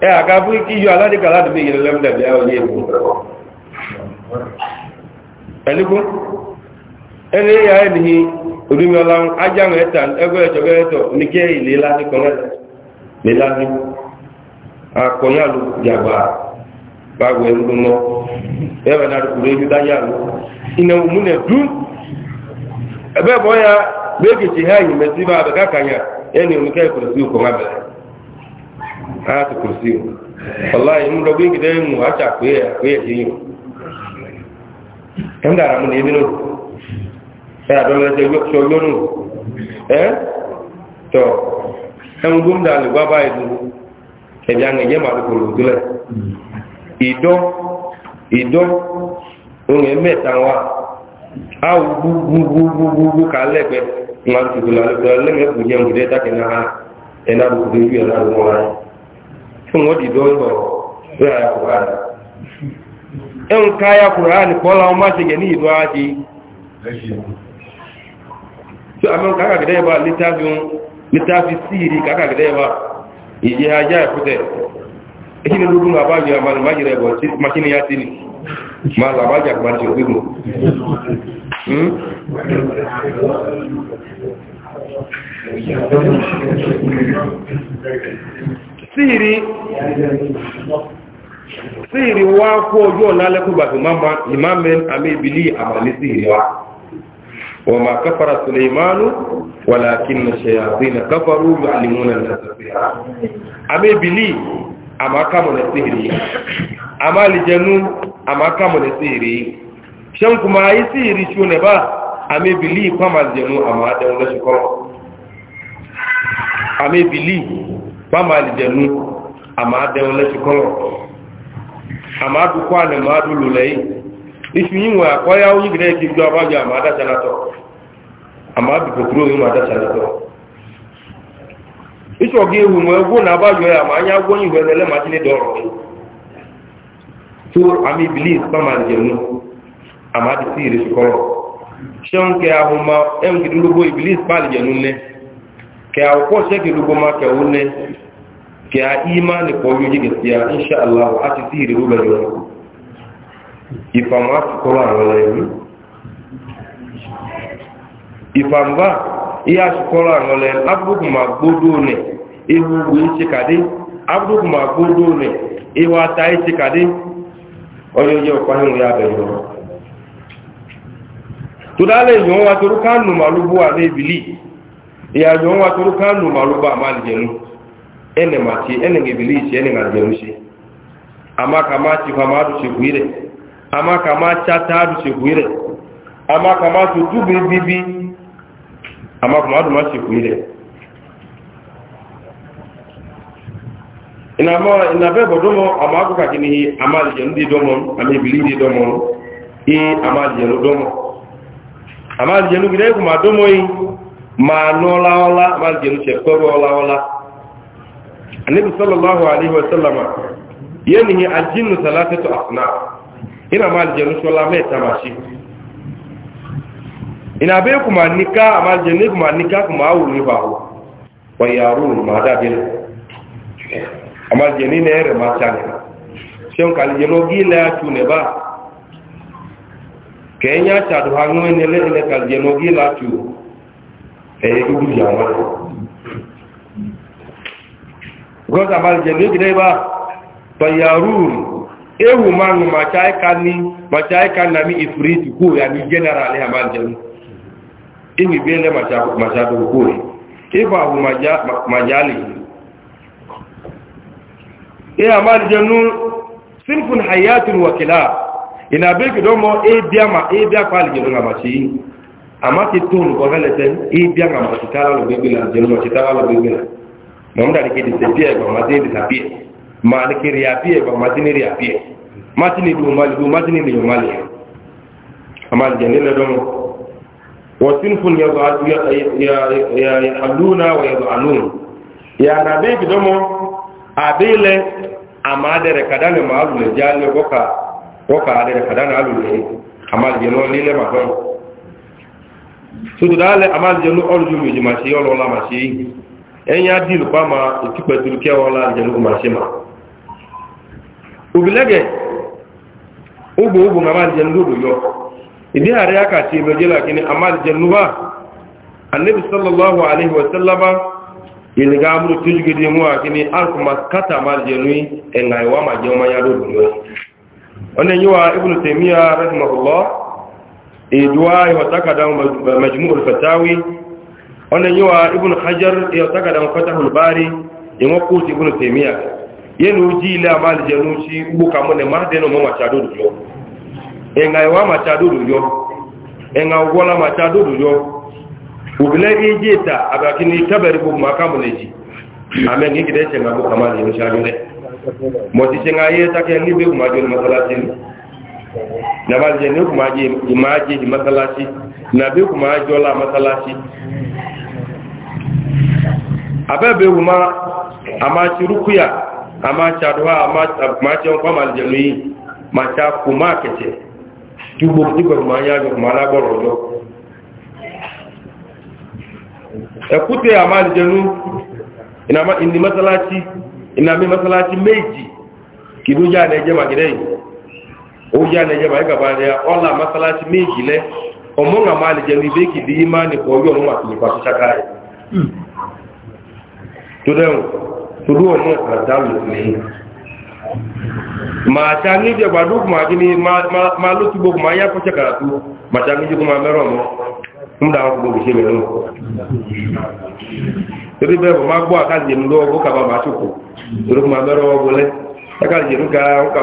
Speaker 1: ẹ àgábú kíyọ aládìkà láti bí ìrìnlẹ́ mẹ́lẹ̀bí àwọn èèkù ẹ̀lẹ́kún ẹni ya ẹni orímọ́lá ajáhùn ẹ̀ta ẹgbẹ́ ẹ̀tọ́gbẹ́ ní kí ilé láti kọ́lẹ́lẹ́lẹ́lẹ́lẹ́ akọ̀yàlù jàgbà báwẹ̀ ńlọ́mọ́ ẹ̀rẹ̀ ayatu kursi o wallahi mu dogo ngi ha mu acha ko ye ko ye yin tan dara mu ne mino ya a le yo so yo nu eh to en gum da le baba e du ma ido ido o nge wa a le le nge bu je de ta na ha na tí wọ́n dìdọ́ lọ lórí àyà kùránì ẹ̀hùn ká àyà kùránì pọ́lá wọn má ṣe gẹ̀ ní ìdọ́ ájí tí a mẹ́rin kàkàgídẹ́ ìbá lítàfi síìrì kàkàgídẹ́ ìbá ìjẹ́ ajá ìfútẹ̀ èyí ni lógún àbájọ àmàlùmájìrẹ̀ ẹ̀bọ̀ tí makíní yá síìrì síìrì wá kó ojú ọ̀nà alẹ́kùgbàgbé máma ìmáàmẹ́ àmì ìbílí àmàlẹ́ síìrì wa wọ́n máa káfàrà suleimanu wàlákin na ṣayàtí na káfàrú alimuna na tafiya àmì ìbílí àmàkàmọ̀nà síìrì àmàlìjẹnu àmàkàmọ̀nà síìrì ṣe ń kuma ayé síìrì ṣúnẹ̀ bá àmì ìbílí fama alìjẹnu àmà dẹun lẹ́sù kọ́lọ̀ àmà dùkọ́ ma máa dùlù lẹ́yìn iṣu yíwọ̀n àkọ́yá ó yígbẹ̀rẹ́ ti jọ abájọ àmà adásanátọ̀ àmà dùkòkúrò yíwọ adásanátọ̀ iṣu ọ̀gẹ́ ewu mọ̀ ẹgbó nà abájọ àmà anyá gbọ́yìn ìwẹ̀ ẹlẹ́ màá tilẹ̀ dọ̀rọ̀ tó àmì ibilis fama ama ibilis nne. ke akwụkwọ shekil ugbo maka une ke a imani kwa oyoyi gaskiya insha Allah a ti sihiri ruba yau ifam a ihe a tukọrọ àwọn lẹ́yìn ma gbódó ne ihu ugbo iche ma ne ihu ata ìyàjọ ń wá tó ká nù màá ló bá àmà àlìjẹnu ẹnẹ màá ti ẹnẹ ìbílí ìṣe ẹnẹ àlìjẹnu ṣe àmàkà máa ti fa máa dùn ṣe kùí rẹ àmàkà máa chátá dùn ṣe kùí rẹ àmàkà máa tó dùn bíbí àmàkà máa dùn máa ṣe rẹ. ìnàmọ́ ìnàbẹ́ bọ̀dọ́mọ́ àmà àkókò àkíní àmà àlìjẹnu dé dọ́mọ́ àmì ìbílí dé dọ́mọ́ ẹ àmà àlìjẹnu dọ́mọ́ àmà àlìjẹnu gbìdẹ́ ma nụla ọla ma ga-enuche kpọrọ ọla ọla anabi sallallahu alaihi wasallama ya nihi ajinu salatatu asna ina ma aljanu shola mai tamashi ina bai kuma nika ma aljanu kuma nika kuma awu ni ba hu wa yaro ma da bin amma aljanu ne yare ma ta ne shin ka e aljanu gila ya tune ba kenya ta duhanwe ne le ne ka aljanu gila tune ẹ̀yẹ tó bí àwọn ẹ̀kọ́. gọ́ọ̀sà máa jẹ̀ lókè náà bá tọ̀yàrùn ewu máa ń màcháíká ní màcháíká na ní ìfìrìtì kó rẹ̀ ní general ní àmà jẹun ewu bí ẹlẹ́ màcháíkó kó rẹ̀ ifá àwọn màjálì ẹ̀ àmà jẹun sinfun hayatun wakila ina bẹ́ẹ̀kì dọ́mọ ẹ̀ bí àpá àlìjẹ̀ lọ́nà màcháíkó ama ti tun ko hele ten i bia nga ma ti tala lo bibi la jelo ma ti tala lo bibi la mom da ke di se pie ba ma ti di sa pie ma ne ke ria pie ba ma ti ne ria pie ma ti ne du ma ni ma le ama je ne le don wa sinfun yad'u ya ya yaduna wa yad'anun ya na be domo abile ama de re le jale ko ka ko ka alu le ama je no sodo daalɛ amaalijanu ɔluju mi ma se ɔlɔ la ma se ɛnya diilu kpa ma etikpɛtulu kɛ ɔlɔ alijanu ko ma se ma obilɛgɛ ugbo ugbo ma amaalijanu do do yɔ ìdí àrẹ àkàtì ìmọ̀jẹ́ là kìíní amaalijanu wa anabi na alayhi wa sallama ìlìgá amúlò tó kata yi ma ma ya do do yɔ iduwa yawataka majmu'ul fatawi wannan yawa ibn hajar yawataka da fatahul bari in wako ti ibn taymiya yenu ji la mal januci buka mun ma de no ma chado du yo en ga wa ma chado du yo en ga gola ma chado du yo ubile ejeta abakini tabari bu nàbà jẹ ní kùmà jẹ ìmà jẹ di masalasi nàbí kùmà jọla masalasi abẹ́bẹ̀ wùmá a máa ti rúkúyà a ma ti àdúrà a máa ti ọkọ̀ máa jẹnu yìí máa ti kùmà kẹ̀kẹ́ tí gbogbo tí gbogbo máa yájọ kùmà lágbọ̀rọ̀ ọjọ́ ẹ̀kútẹ́ a máa jẹnu ìnàmí masalasi méjì kìdó jáde jẹ́ màgídẹ́ yìí oyi anaghị ma ị gaba arịa ọla amasalachi ma na ma alije n'ibe ka dị ime anyị ka oyi ọnụnwa tụrụ kwa tụchaka ya hmm. tụrụ ọnụ àdálù ma ṣe ní ìjẹ gbàdúk ma gí ní ma ló túbọ̀ ma yá kọ́ ṣẹ́kàrà tó ma ṣe ní ìjẹ ma mẹ́rọ ma ma ma ka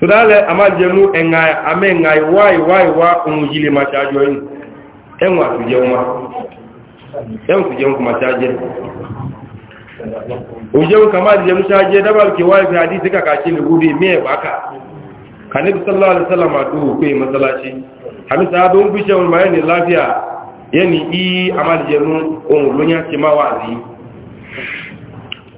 Speaker 1: todale amajenu engai ame engai wai wai wa umujile machajo yin enwa tuje uma enwa tuje uma machaje ujeun kama je mushaje dabal ki wai fi hadisi ka kace ni gudi me baka kanabi hamisa abun bishe wal mayani lafiya i amajenu on lunya ci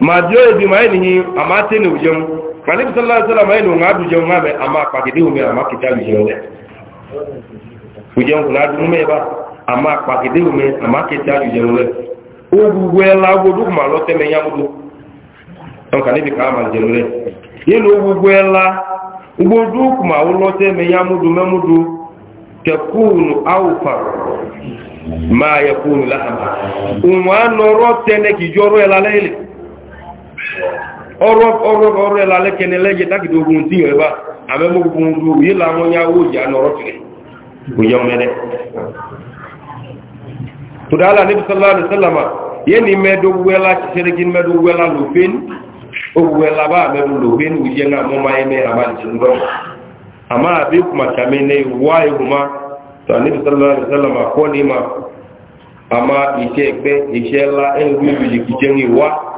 Speaker 1: ma dio ebi ma eni ni ama te ujem ma ni sallallahu alaihi wasallam eni nga ujem nga ama pa ujem ujem kula du me ba ama pa ama ujem le o bu we la go du ma lo te me ya mu on ka ni bi ka ma je le ye lo bu we la ugbo du ma lo ya mu du me mu du ma ki ọrụ ọrụ ọrụ ọrụ kenele je dagide ogun ti yo a abe mo gun du yi la mo nya wo ja no rotire mere to dala nabi sallallahu alaihi wasallam yeni medo wela chere gin medo ba na mo ama ama sallallahu alaihi ama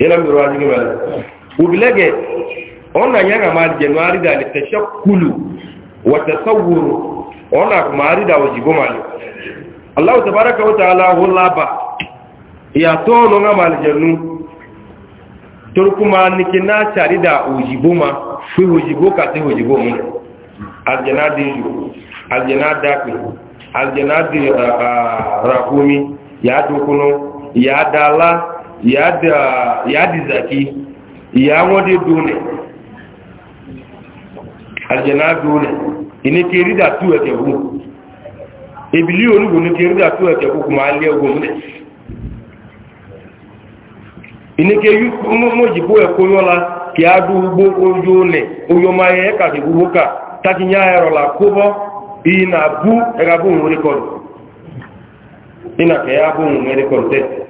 Speaker 1: yẹlẹmìrò ajigbe mẹlẹ òbílẹgẹ ọ̀nà yẹn àmà jẹnu àrídà lè tẹ̀sẹ̀ kulu wọ̀tẹ̀sẹ̀ wúru ọ̀nà àkùmà àrídà òjìgbó màlẹ̀ aláwọ̀ tẹ̀bára kẹwọ́ tẹ̀ aláwọ̀ lába ìyàtọ̀ ọ̀nà ọ̀nà màlẹ̀ jẹnu torukuma nìkì náà sàrídà òjìgbó ma fi òjìgbó kàtí òjìgbó mu àjẹnà dé ju àjẹnà dàpè àjẹnà dé ràkúmi yàá dókúnú yàá dàlá ya di zaki ya wade dole aljana dole ine ke rida tuwa ke hu ibili olugo ne ke rida tuwa ke hu kuma aliyo gomne ine ke yu mo jibo e yola ki adu ugbo ojo ne oyo ma ye ka ke buka taki nya ero la kubo ina bu era bu nri ko ina ke abu nri ko te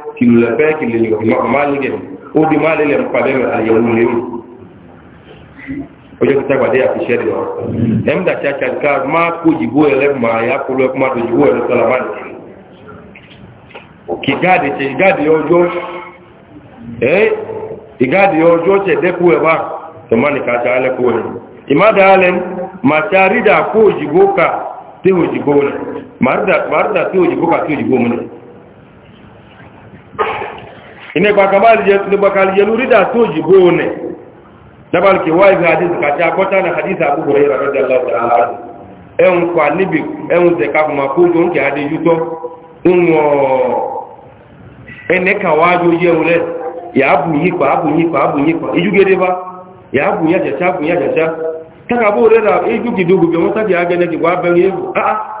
Speaker 1: kìlù lẹ́fẹ́ kìlù lẹ́gbẹ̀ẹ́ ó di máa lélẹ̀ pàdé àyẹ̀wò léwu ọjọ́ tí tágbàdé àfiṣẹ́ lọ ẹ̀mdà tí a ṣe àdìká máa kó ìjìbó ẹ̀rẹ́ máa yá kóló ẹkùn máa tó ìjìbó ẹ̀rẹ́ sọ́la máa nìyí kì gáàdì ṣe ìgáàdì ọjọ́ ẹ́ ìgáàdì ọjọ́ ṣe dẹ́kù ẹ̀ bá tọ́mọ́ nìkan ṣe alẹ́kù ẹ̀ ìmádà alẹ́ máa ṣe àrídà kó ìjìbó ká tí òjìbó rẹ̀ màrídà tí òjìbó ká tí òjìbó mu rẹ̀ inekwa kabalijelu rida toji bone dabal ke wa ibi hadith ka ta kota na hadith abu hurairah radiyallahu ta'ala anhu en kwa nibi en ze ka kuma ko jon ke ade yuto unwo ene ka wajo ye ule ya abu yi kwa abu yi kwa abu yi kwa ba ya abu ya abu ya ta ka bo re ijugi dugu be mo ki wa be ye a ah, a ah.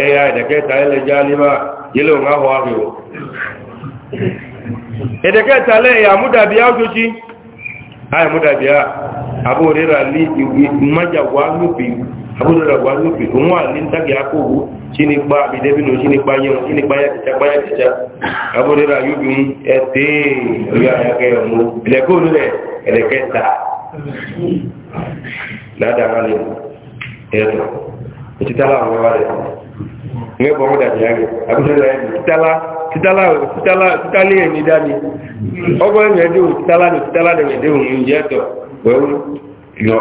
Speaker 1: ẹ̀yà ìdẹ̀kẹta ilẹ̀ já níma ilé òun áhọ̀ àríwọ̀ ìdẹ̀kẹta lẹ́yà múdàbí ájójí àì múdàbí á àbúrẹ́ra ní ìwé májàwá lópin àbúrẹ́ra wà lópin òun wà ní tàbí akóòwò tí ní pa àbìdẹ́bìnú tí ní pa yẹun tí ní pa yàtìjá pa yàtìjá àbúrẹ́ra yóò bí ẹ̀tẹ́ ìrìn àyàkẹ́ ọmọ ìdẹ̀kẹ́ ládàá lè ẹ̀rọ òtítàlá àwọn e ya ní ẹ̀bọ̀n mọ́dà jẹ́ àgbẹ̀ àbúṣẹ́lẹ̀ títàlá títàlá títàlé ẹ̀mí dání ọgbọ́n ẹ̀mí ẹ̀dẹ́ òtítàlá ní òtítàlá ẹ̀dẹ́ òun jẹ́ ẹ̀tọ̀ pẹ̀lú na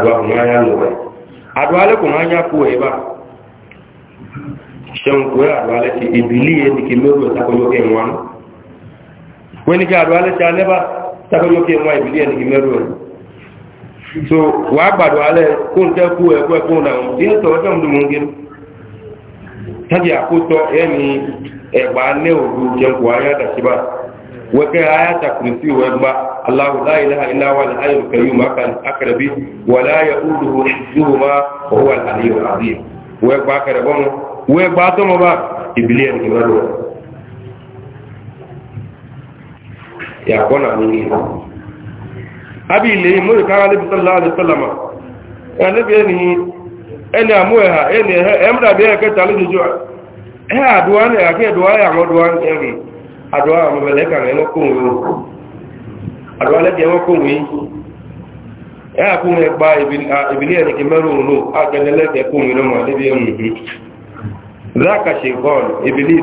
Speaker 1: ya kùnrin ayá lọ rẹ̀ na ya ayá ti so wàá gbàdọ̀ alẹ́ kó n tẹ́ kú ẹ̀kú ẹ̀kú náà inú tọ̀ ọjọ́ ìdúmọ̀ ń gé tàbí àkótọ́ ẹni ẹ̀gbà ní òdu jẹ́kù ayádàṣíbà wẹ́kẹ́ ayátàkùnrin sí wẹ́gbà aláwọ̀láìláìláwà láyọ̀kẹ́yù akẹrẹbí wà láyẹ̀ òdòwò ìdúwòmá ọwọ́ àlàyé àbíyẹ̀ wẹ́gbà akẹrẹbọ́nu wẹ́gbà tọ́mọba ìbílẹ̀ ìgbẹ́rù yàkọ́nà nínú abi ile mo ka ala bi sallallahu alaihi wasallam e bi ni amu e ha ene e emra bi ka tali juju e adua ne ake ya mo dua eri adua mo bele ka ne ko wo adua le bi mo ko wi e gba ibili ni meru a le mo bi zaka ibili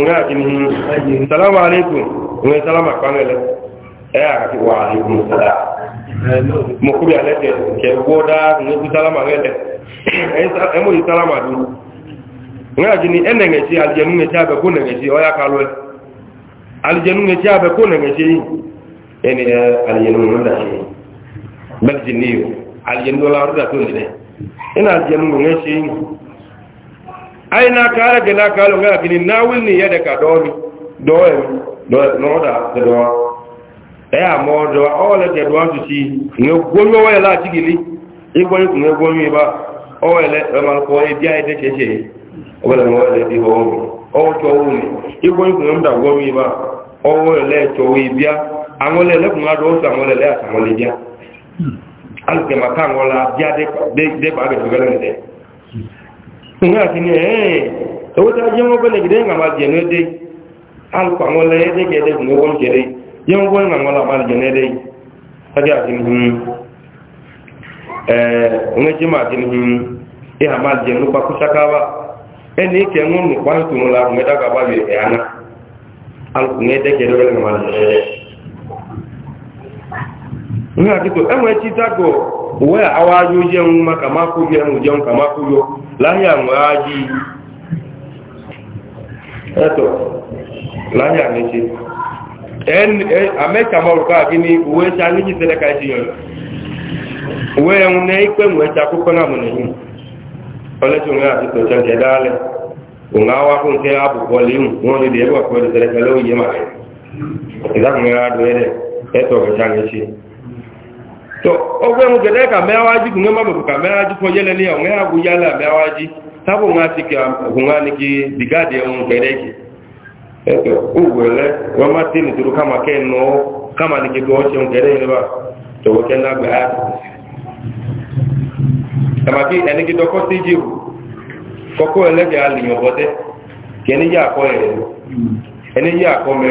Speaker 1: nga kini salamu alaikum nga salama kwangele e a ki wa alaikum salam mo kubi alete ke woda nga ku salama ngele e mo salama du nga kini ene nge ci aljenu nge ci abe ko nge ci oya kalwe aljenu nge ci abe ko nge ci ene aljenu nda ci bal jinniyo aljenu la ruda to ne ina aljenu nge ci ai na kara ga na kalo ga kini na ya da ka doni doye do no da da do e a mo do o e le de do si ne gbono wa la ti e ne ba e ma ko e dia e de o le mo le di ho o to wu ni e gbono ne da gbono ba o le to wi bia àwọn le le le le sa le dia hmm. al ke ma kan wala dia de nga ti eh, ni ee owó tí a jẹ́ wọ́n gbẹ́lẹ̀ gidẹ́ ìgbàmà jẹ̀nu ẹ́dẹ́ alùpùpù àwọn ọlẹ́ ẹ́dẹ́ gẹ̀ẹ́dẹ́ ìgbìmọ̀ wọ́n jẹ̀rẹ́ jẹ́ wọ́n gbọ́ ìgbàmà ọlọ́ àmàlẹ̀ jẹ̀nu ẹ́dẹ́ ọjọ́ àti ni hun ẹ̀ẹ́ òun jẹ́ máa ti ni hun ẹni ń nù la e ẹ̀ láyà ń wá yí ẹ̀tọ̀ láyà ní ṣe amẹ́ka mọ́ rùkọ́ àkí ní owó ẹ̀ṣà níjì tẹ́lẹ̀ka ẹ̀ṣì yàn owó ẹ̀hún ní ipẹ́ mú ẹ̀ṣà kókọ́ náà mọ̀ nìyí ọlẹ́tùnrin àti tọ̀tọ̀ tẹ̀ dáálẹ̀ òun á wá fún to ogwe mu gede ka mewaji kunga mabu ka mewaji ko yele ni ya guyala mewaji tabo ngati ka hungani ki digade on gereki eto ugwele wa matini turu kama keno kama nikidoche on gereki ba to wekenda ba kama ki eni kidoko tiji koko elege ali yobote keni ya ko ere eni ya ko me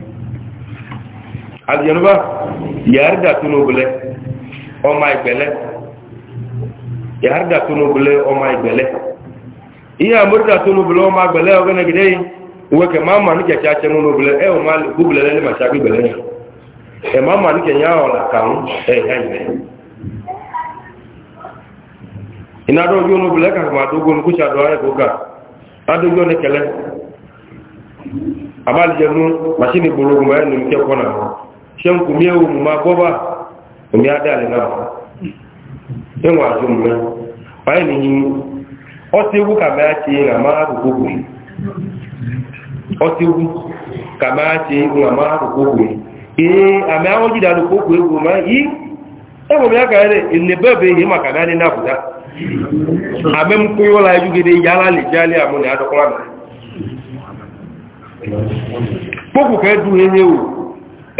Speaker 1: alìjẹnubá yàrídà tó n'obìlẹ̀ ọmọ ìgbẹ̀lẹ̀ yàrídà tó n'obìlẹ̀ ọmọ ìgbẹ̀lẹ̀ ihe àmúrídà tó n'obìlẹ̀ ọmọ ìgbẹ̀lẹ̀ ọgẹ́nẹgidẹ́ yìí wẹ́kẹ̀ máa mà ní kẹ̀kẹ́ aṣẹ́ n'obìlẹ̀ ẹ̀ ọmọ gbúgbìlẹ̀ lẹ́lẹ́ màṣá gbígbẹ̀lẹ̀ ẹ̀ máa mà ní kẹ̀yà ọ̀là kàún ẹ̀yà ìgbẹ̀ ìnádọ́ ojú ṣe ń kò mí ẹwù ma gọ́bà omi adáàlẹ̀ náà ẹwọ̀n ọ mẹ́ e báyìí ni ọtí ewu kà máa ṣe nà máa ọtí ewu kà máa ṣe nà máa ee àmì àwọn jìdá ló gbogbo ewu yìí mi aka rẹ̀ ilẹ̀ yìí nàbùdá àmì ẹjú lè dùn o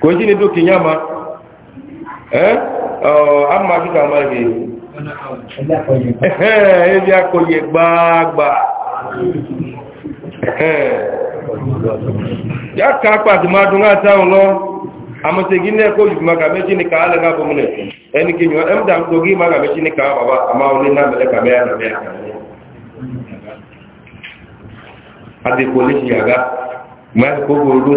Speaker 1: kò jí ni dókè yá ma ẹ́ ọ ama kíkà máa gbé ẹ̀ẹ́dí akọ̀yẹ̀ gbáàgbà yá ká pàtí máa dún àtàwọn lọ àmọ́sẹ̀gí ní ẹkọ́ ìjùmọ̀ kàmẹ́jì ní káà lẹ́gbà bọ́mùnẹ̀ ẹni kí yọ ẹmdà ń tógí máa kàmẹ́jì ní káà bàbá àmá orí náà mẹ́lẹ́ kàmẹ́yà náà
Speaker 3: mẹ́lẹ́ kàmẹ́yà
Speaker 1: adékò lè ṣe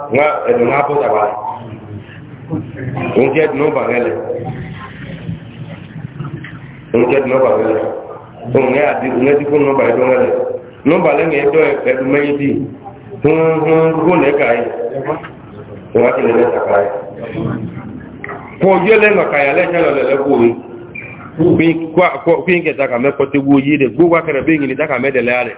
Speaker 1: nga ẹ̀dùn náà bó dàgbà oúnjẹ ẹ̀dùn náà bà mẹ́lẹ̀ oúnjẹ ẹ̀dùn náà bà mẹ́lẹ̀ òun yẹ àti òun yẹ ti fún nọmba ẹ̀dùn mẹ́lẹ̀ nọmba lẹ́yìn ẹ̀dọ́ ẹ̀dùn mẹ́yìn dì hún hún kó lẹ́ka yìí òun á ti lẹ́lẹ́ sàkà yìí kó yẹ lẹ́nu àkàyà lẹ́sẹ̀ lọ lẹ́lẹ́ kó yìí kó yín kẹta kàmẹ́ kọ́tẹ́gbó yìí dẹ̀ gbó wákẹ́rẹ́ bẹ́ẹ̀ yìí ni dákàmẹ́ dẹ̀ lẹ́yà rẹ̀.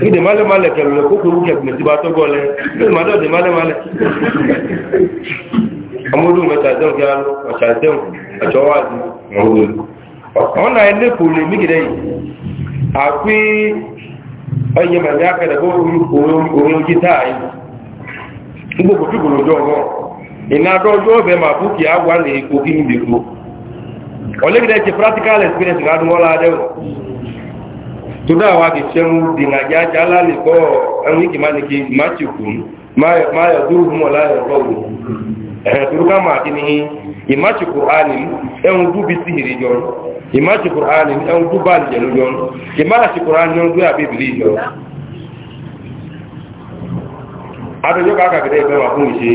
Speaker 1: ní dèmálẹ̀ malẹ̀ kẹrù lẹ kókò orúkẹ pẹ̀lẹ̀ tí bá tó gọ́ lẹ lóòmàdọ̀ dèmálẹ̀ malẹ̀ ọmọdún mẹ́tàdẹ́hùn kí a lọ ọ̀ṣàdẹ́hùn àjọwádìí ọ̀rọ̀lẹ̀ ọ̀nà ẹlẹ́kùn lè mí gẹ̀rẹ́ yìí àpí ọyẹ màdé akẹ́lẹ̀ bó orin ojú táàyè gbogbo tí gbogbo ìná máa bú kí a wà lè kó kí ní bèkó ọ̀lẹ́gẹ̀dẹ̀ ti practical experience tụrụ awa gị chewu dị na gị aja ala likọ enwe ike mana gị ma chekwu ma ya duru mụ ọla ya ọgbọgwụ ehe tụrụ ka ma dị n'ihe ima chekwu ani enwe dubi sihiri jọ ima chekwu ani enwe duba alije n'ụjọ ima ya chekwu ani enwe duya abibili jọ adịjọ ka aka gịdị ebe ma fụ ise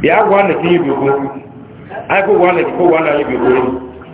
Speaker 1: bịa gwa na kinye bi okwu anyị kụ gwa na kinye bi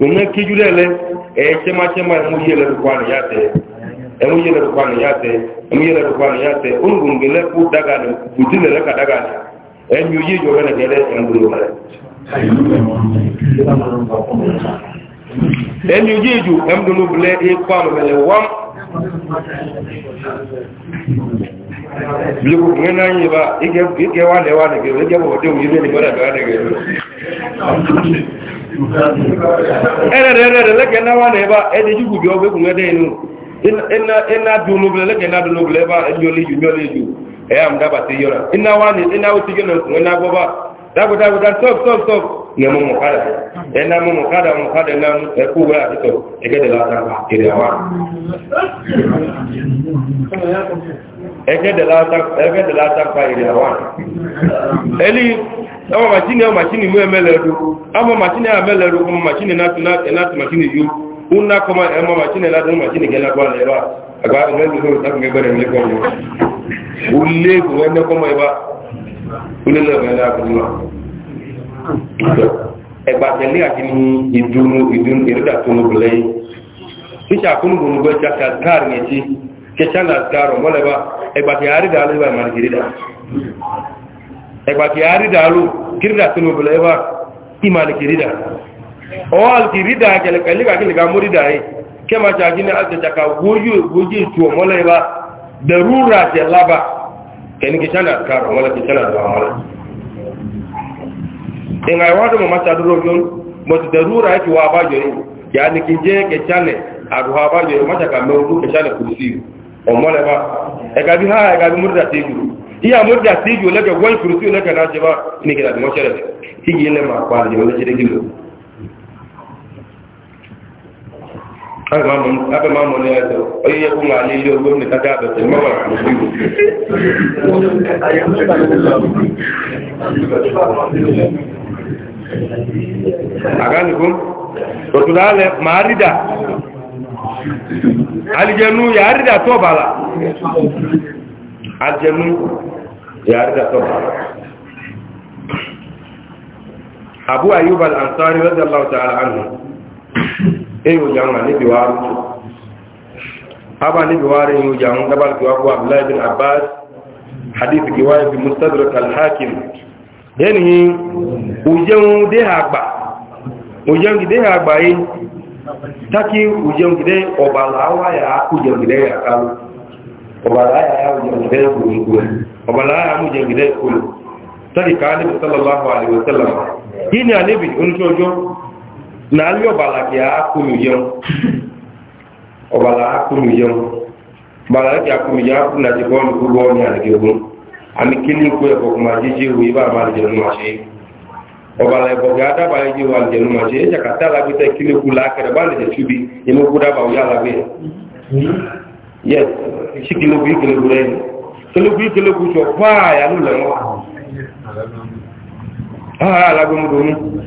Speaker 1: òun kéjú lẹ́lẹ́ ẹ̀ẹ́sẹ́máṣẹ́má ẹ̀múyẹ́lẹ́dùkwánìyàtẹ̀ oúnjẹ lẹ́kú dágàlẹ̀ òjìlẹ̀ lẹ́kà dágàlẹ̀ ẹni oyé ìjọba ẹ̀nẹ̀gẹ́lẹ́ ẹ̀múrò rẹ̀ ẹni oyé ìjò ẹmúrò lóbulẹ̀ ẹ̀kọ́ m'ele wọ́n biliko ŋe na ba ike ike wa ne wa ne ke ike bɔ denw yi ne ni bɔra bɛɛ ne ke ɛnɛ dɛ ɛnɛ dɛ lɛ kɛ na wa ne ba ɛdi jugu jɔ bɛ kun ŋɛ de dunu kɛ na dunu bilɛ ba ɛdi yɔli ju yɔli ju ɛyam e ne ina o ti na bɔ ba. dago dago da stop stop stop ne mo mokada e na mo mokada mokada na e ku wa to e ke de la ta ke de wa e ke de la ta e ke de la ta pa ile wa eli ama machine ama machine mu emele du ama machine amele du kuma machine na tu na na tu machine yu una koma ama machine la du machine ke la kwa le ba agba ngelu so ta ngebe ne le ko ule ko ne koma ba onílẹ̀ ọ̀gẹ́dẹ́ àkùnrin ìjọ ẹgbàtẹ̀lé àti ní ìdúnú ìdúnú ìrídà tó ń bùlẹ̀ yìí tíṣà kún gbogbo gbogbo ẹja kàkàr ní ẹtí kẹta náà kàrọ mọ́lẹ̀bá ẹgbàtẹ̀ àrídà alẹ́ ìbáyìí màrí kìrìdà ẹgbàtẹ̀ àrídà alú kìrìdà tó ń bùlẹ̀ wá ìmàrí kìrìdà ọwọ́ alìkìrìdà kẹlẹ̀kẹlẹ̀kà mórídà yìí kẹ́ kẹni kìí sánà kààrọ̀ mọ́lá kìí sánà dùn àmọ́lá ìgbà ìwádùn mọ́ máta dúró yóò mọ́ ti dẹ̀rú rà ẹ́kì wọ abájọ yìí yà ní kìí jẹ́ kẹsánà àdùhọ abájọ yìí máṣàkà mẹ́rún kẹsánà kùrù sí ọmọlẹ́bá ẹ̀ka bí ha ẹ̀ka bí múrídà sí ìjù ìyá múrídà sí ìjù lẹ́kẹ̀ wọ́n kùrù sí lẹ́kẹ̀ náà ṣe bá ní kìí abẹ máa mọ ní ẹjọ oyé yẹ kó ńlá ní ilé ogbó nìkan tí a bẹ̀rẹ̀ mọ́ wà lórí ìwò. àgánìkó òtútù alẹ máa rídà alìjẹnu yà rídà tó bàlá alìjẹnu yà rídà tó bàlá. abu ayyub al-ansari radiyallahu ta'ala anhu eyo janga ni biwaru aba ni biwaru eyo janga dabal ki bụ abdullah ibn abbas hadith riwaya bi mustadrak al hakim yani ujeun de agba dị de agba yi taki ujeun de obalawa ya ujeun de ya kalu ya ujeun de ku ya ujeun de ku tari kalib sallallahu na ali ɔbala kì akunu yɛm ɔbala akunu yɛm ɔbala kì akunu yɛm akunu ati bɔɔlu kú bɔɔlu ní alẹ́ kéwòn àmì kíni kú ɛkɔ kuma jíjí wo ibà má alẹ́ jẹnu ma ṣe ɔbala ɛkɔ kì adaba yẹ jíjí wo alẹ́ jẹnu ma ṣe ɛdza kata alabi tẹ kíni kú la kẹrẹ bá alẹ́ tẹsu bi yẹnu kú daba o yà alabi yẹ yẹ si kíni kú kíni kú rẹ kíni kú kíni kú sọ fáa yà ló lẹ mọ aa alagbemu domi.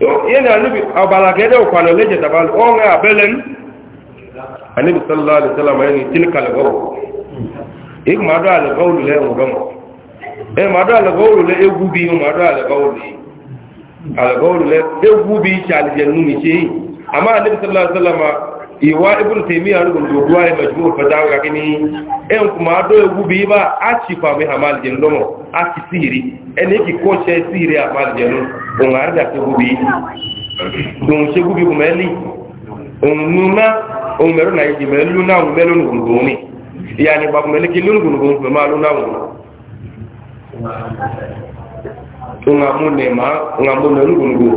Speaker 1: yana annabi a balaga da kwano leje da bal on a belen annabi sallallahu alaihi wasallam yayin tilka al-gawl ik ma do al-gawl le mo gam ma do al-gawl le egubi ma do al-gawl al-gawl le egubi chal je numi ama annabi sallallahu alaihi wasallam Iwa ibùn tèmí àrùn gbogbo ayé mẹjúmọ̀ fẹ́ta kí ní ẹn kùmà àdó ewu bí bá a ti fàmì àmàlìjẹ̀nu lọ́mọ̀ a ti síhìrì ẹni kì kọ́ ṣe síhìrì àmàlìjẹ̀nu òun àrídà tó gúbi òun ṣe gúbi kùmà ẹlì òun nuna òun mẹ́rọ náà ìdí mẹ́rin lónà òun mẹ́rin lónà ni kí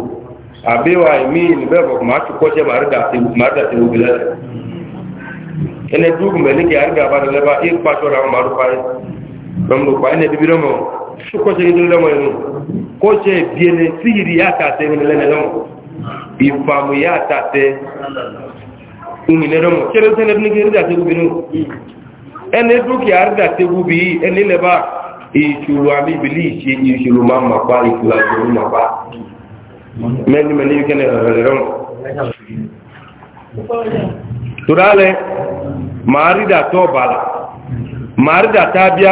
Speaker 1: abewa imin bebo ma ci ko ce marda ti marda ti bila ene dugu mele ki arga ba le ba e pa to ra maru pa dum do pa ne bi biro mo su e ko ce dum mo ni ko ce biene siri ya ta te ne le ne lo bi famu ya ta te umi ne do mo cere tene ni ki arga te bi no ene dugu arga te bi ene le ba ìṣòro àmì ìṣe ìṣòro máa ń màpá ìṣòro àjọyọ̀ màpá mẹ́ni mẹ́ni yìí kẹ́ni ọ̀rẹ́ rẹ̀ tòdálẹ̀ màárídà tó bàlá màárídà tábíá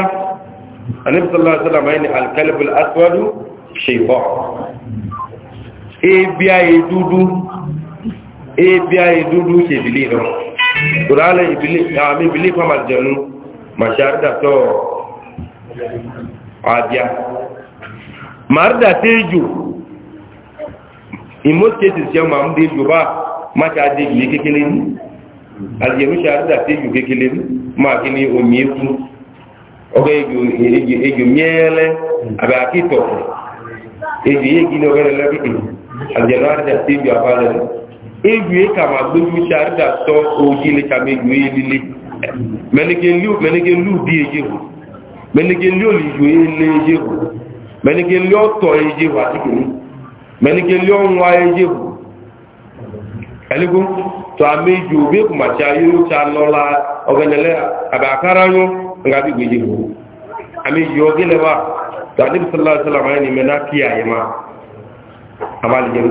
Speaker 1: anibisala sọlọmọ ẹni alikalibul aswadu ṣèkọ ebi ayé dúdú ebi ayé dúdú ṣe ìbílẹ̀ rẹ̀ tòdálẹ̀ ìbílẹ̀ fún àmàlìjẹ̀nu màṣárídà tó àbíá màárídà tẹ́jù in most cases yẹn máa ń dé yorùbá má ṣe adé ìlé kékeré ní àdìyẹ̀mí àdúrà sí ìlú kékeré ní máa kí ni omi eku ọgbẹ́ ejò miẹ́lẹ́ àbẹ̀ àkìtọ̀ ejò yéegi ní ọgbẹ́ rẹ̀ lẹ́kìtì àdìyẹ̀mí àdúrà sí ìlú àbálẹ̀ ejò kà máa gbójú ṣe àdúrà sọ ojú ilé kàmé ejò líle lù bí mẹ́líkẹ́ lé ọ̀hún wáyé yébù ẹ̀lẹ́gùn tó àmì ìjò bí kò màtí ayé ó ta lọ́la ọ̀gẹ́nẹ̀lẹ́ àbàkára yún nga bí gbèjì wò àmì ìjò ọ̀gẹ́lẹ̀ wa tó àdébí sọlá sọlá máa ní mẹ́ná kí àyè máa àmàlì jẹ́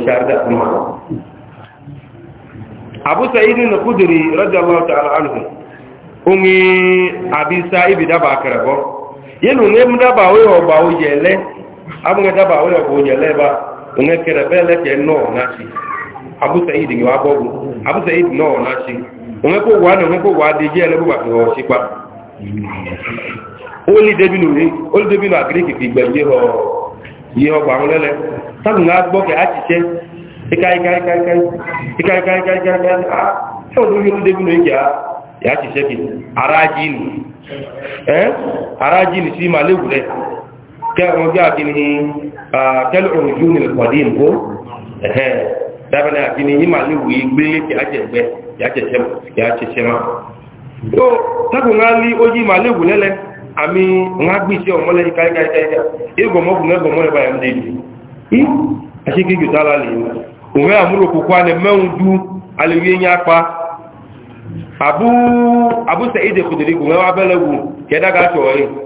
Speaker 1: na kudiri radiyallahu ta'ala anhu ungi abisa ibi daba akarabo daba wo ba wo yele abu ga daba wo ba yele onye kere bele nnọọ na-achị abụsa id nwe agbọgwụ abụsa id nọọ na-achị onwekwa ụgwọ a na onwekwa ụgwọ adị ji agrik ka igbe ihe ọgba nwụlele tabụ na agbọ achịche kẹlùrùjúni kọ̀dín kó ẹ̀hẹ́n dábẹ́lẹ́ àti ní yí màá ní wùí gbélé kí ájẹ̀gbẹ́ kí ájẹ̀ṣẹ́ máa tó tábù ńlá lé ó yí léwu lẹ́lẹ́ àmì ńlá gbé iṣẹ́ ọmọlẹ́ káíkáíkáíká ìgbọ̀mọ́ bù mẹ́gbọ̀n mọ́ ẹ̀bá ẹ̀mdé ìlú í aṣíkéjì tá lálẹ́ ìlú òun àmúlò kókó mẹ́rin alẹ́wí ẹ̀yìn apá àbúṣe bẹ́lẹ̀ wù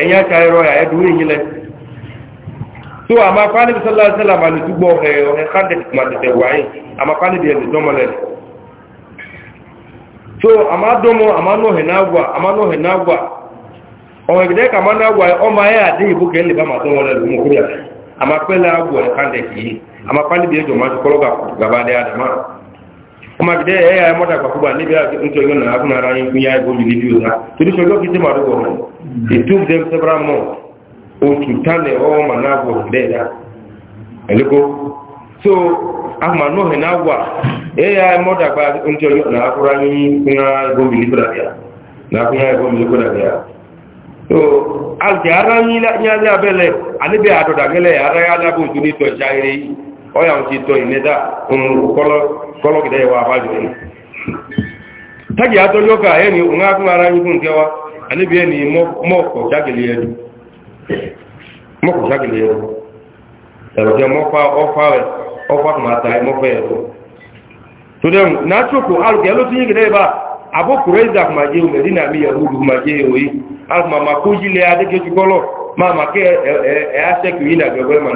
Speaker 1: ẹ̀yà kairọ ẹ̀dùn ìyìnlẹ̀ tó a máa fánibí sọ́lọ́sẹ́lá ma lè túgbọ́ ọ̀rẹ́ kádẹ̀ ma tẹ̀tẹ̀ wáyé a máa fánibí ẹ̀lẹ̀ a a ka máa náàgbà ọmọ ayé àdé ìbò kẹ́lẹ̀ ma dọ́mọlẹ̀ lùmọ̀ kúrò àmà pẹ́lẹ̀ kuma gida ya yaya mata kwa kuba ni mtu na hakuna rangi kunya ibo bilivyo za tulisho leo kitu marugo mo it took them several months o manavo ndela aliko so ama no he nawa ya yaya mata kwa mtu yule na hakuna rangi kunya ibo bilivyo na kunya so la ara to ọyà ń ti tọ ìnẹ́dá kọlọ́gìdẹ́ ìwà àbájọ dị. tàbí àtọ́jọ́ ká ẹni òun ara yìí fún kẹwa alébí ẹni mọ́kọ̀ ságìlì ẹ̀dù ẹ̀rọ̀jẹ́ mọ́fà ọfà rẹ̀ ọfà tòmátà mọ́fà ẹ̀dù tó dẹ̀rùn náà tókò alùkẹ́ ló tún yíkẹ́ bá abókùrẹ́ ìdàkùnmájé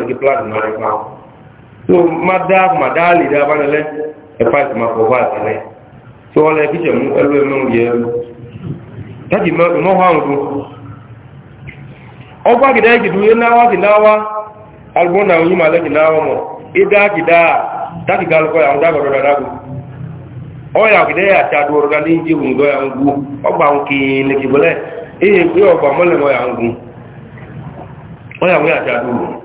Speaker 1: so mada mada ali da bana le e ma ko ba tare so le bi je mu elu mu ye ta di mo mo ha ndu o ba gida e na wa yi ma le ki lawa mo ida e ki da ta gal ko ya nda go da da go o ya ki ya ta du ro ga ni ji go ya ngu o ba ki ni ki e e o ba mo le mo ya ngu o ya ya ta du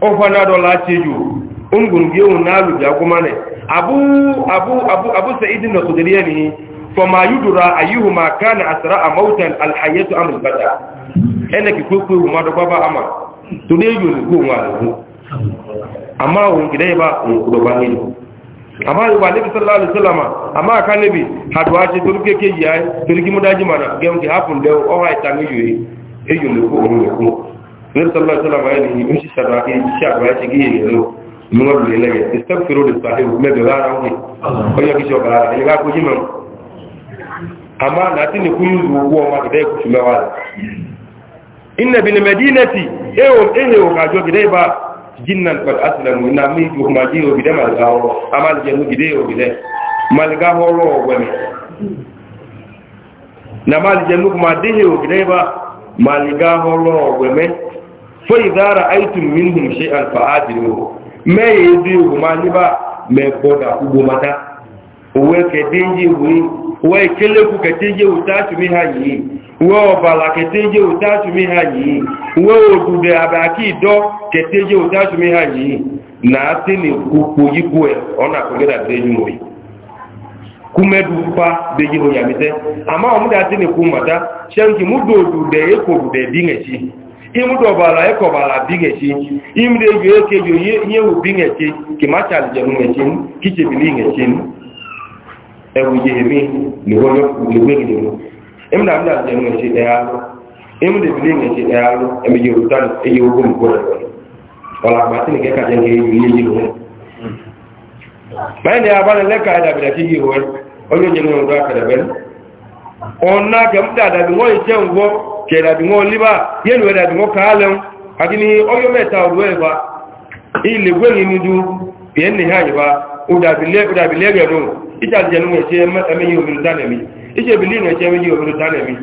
Speaker 1: ọkwana dọla cheju ungurugye wu na alu bia kuma ne abu abu abu abu sa'id na khudriya ni fa ma yudra ayyuhuma kana asra mautan al hayatu am bada ene ki kokwe wu ma do baba ama to de yu ni ko wa lu ama wu gide ba wu do ba ni ama yu ba nabi sallallahu alaihi wasallam ama ka nabi hadwa ji turke ke yayi turki mudaji mana gemki hapun de o ha tangi yu e yu ni ko wu ko nínú sọ́lá ìṣọ́lá wáyé ni ó ṣiṣẹ́ àgbáyé ṣiṣẹ́ àgbáyé ṣe gíyè rẹ̀ lọ ní wọ́n lè lẹ́yẹ̀ ìṣẹ́fìrò lè sàlẹ̀ mẹ́bẹ̀ rárá wọ́n ọjọ́ kí ṣe ọ̀gá rárá ẹ̀yẹ́ bá kójú mọ́ àmọ́ àti ní kúrú owó ọmọ àgbẹ̀dẹ́ ìkùsù mẹ́wàá rẹ̀ ìnàbí ni mẹ́dínẹ́tì èhè òkàjọ gẹ̀dẹ́ ìbá jinnan pẹ̀lú asìlẹ̀mù iná mí ìjòkùnmájí òbìdẹ́ màlìgá ọrọ̀ amálìjẹ̀nú gẹ̀dẹ́ òbìdẹ́ màlìgá ọrọ̀ ọ̀wẹ̀mẹ̀ na màlìjẹ̀nú kùnmájí òbìdẹ́ ìbá màlìgá ọrọ̀ ọ̀wẹ̀mẹ̀ فإذا رأيتم منهم شيئا فعادلوا ما يديه ما نبا ما بودا كبومتا وكدنجي وي وكلكو كتنجي وتاتمي هاي وبالا كتنجي وتاتمي هاي ودود أباكي دو كتنجي وتاتمي هاي ناتني كوكوي كوي أنا كوكيدا تنجي kumedu pa deji ho yamite ama omuda tini kumata shanki mudodu de ko de dingechi imdo bara ekobara bigechi imre eji eke ji ihe wubi ngechi kemachalijem ngechi kichebili ngechi ewujemi lewegidemu imna amna jem ngechi eyalu imde bili ngechi eyalu emeji rutan eji ogo mkore na leka ada bila kiji hoye kẹ̀dàdùnmọ́ líbà yẹ́lù ẹ̀dàdùnmọ́ káàlẹ̀ àti ní ọyọ́ mẹ́ta ọ̀rọ̀ ẹ̀bá ilẹ̀ gbẹ̀rẹ̀ nínú pẹ̀ẹ́nì àyíwá ọdàbìlẹ́gẹ̀ẹ́dùn ìjàjẹ̀nù ẹ̀ṣẹ́ ẹmẹ́yìn òmìnir tánẹ̀mí ìṣẹ́bìlì ẹ̀ṣẹ́ ẹmẹ́yìn òmìnir tánẹ̀mí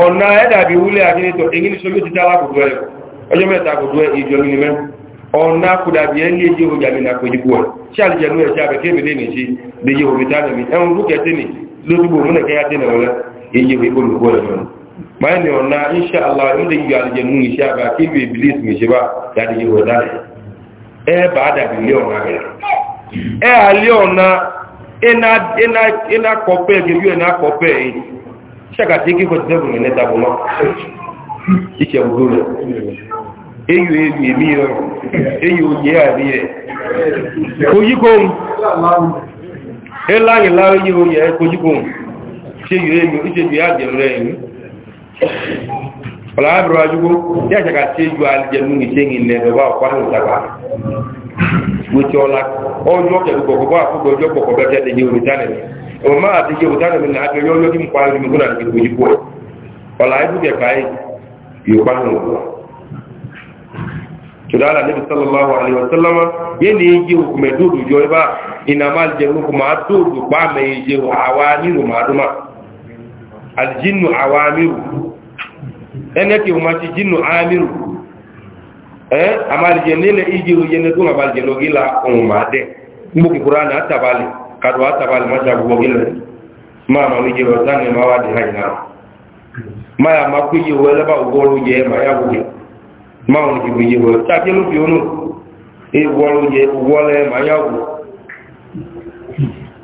Speaker 1: ọ̀nà ẹ̀dàbí wúlẹ̀ àkínítọ̀ èyí ní sọ́jọ́ ti dáwà gbogbo ẹ̀ ọjọ́ mẹ́ta gbogbo ìjọ mímẹ́ ọ̀nà kùdàbí ẹ̀ ní èjì òjàmìnà pẹ̀lú ẹ̀ ṣàlìjẹ̀nù ẹ̀ṣẹ́ abẹ̀kẹ́bìlì ẹ̀ṣẹ́ lè yẹ òmìnir tánẹ̀mí ẹ̀hún lókẹ́ tẹ́nì mai ne wannan insha Allah inda yi aljannu ne sha bi iblis ba ya da yi wada e ba da biliyon na ga e, e na ina e ina e ina na kope shaka te ki ko te bu ne ta bu no ike bu dole eyu eyu emi yo eyu ye abi re ko yi ko e la la yi ye ko yi ko se yu bi a je ọ̀la abúrò ajúgbó tí a ṣàkà tí ju alìjẹ̀mú ìṣẹ́yìn ilẹ̀ ẹ̀rọ ọ̀pá ìṣàkà wòtí ọ̀la ọjọ́ kẹ̀kọ́ kọ̀kọ́ àkókò ọjọ́ kọ̀kọ́ bẹ́ẹ̀ tẹ́lẹ̀ ní orítánẹ̀ ọmọ máa ti ṣe orítánẹ̀ ní abẹ́rẹ́ ọjọ́ kí n pa ẹni mọ́kúnà ní ìgbòjì pọ̀ ọ̀la ibú kẹ̀kọ́ yìí pa ní òkú tòdálà níbi sọ́lọ́láwà àlèwọ̀sọ́lọ́mọ́ yé ní aljinnu awamiru eneke umachi jinnu amiru eh amalje nile iji ujene tu abalje logila umade mbuki qur'ani atabali kadu atabali macha bugile na wije watane mawadi haina maya makuji wele ba a je maya bugi mama ni bije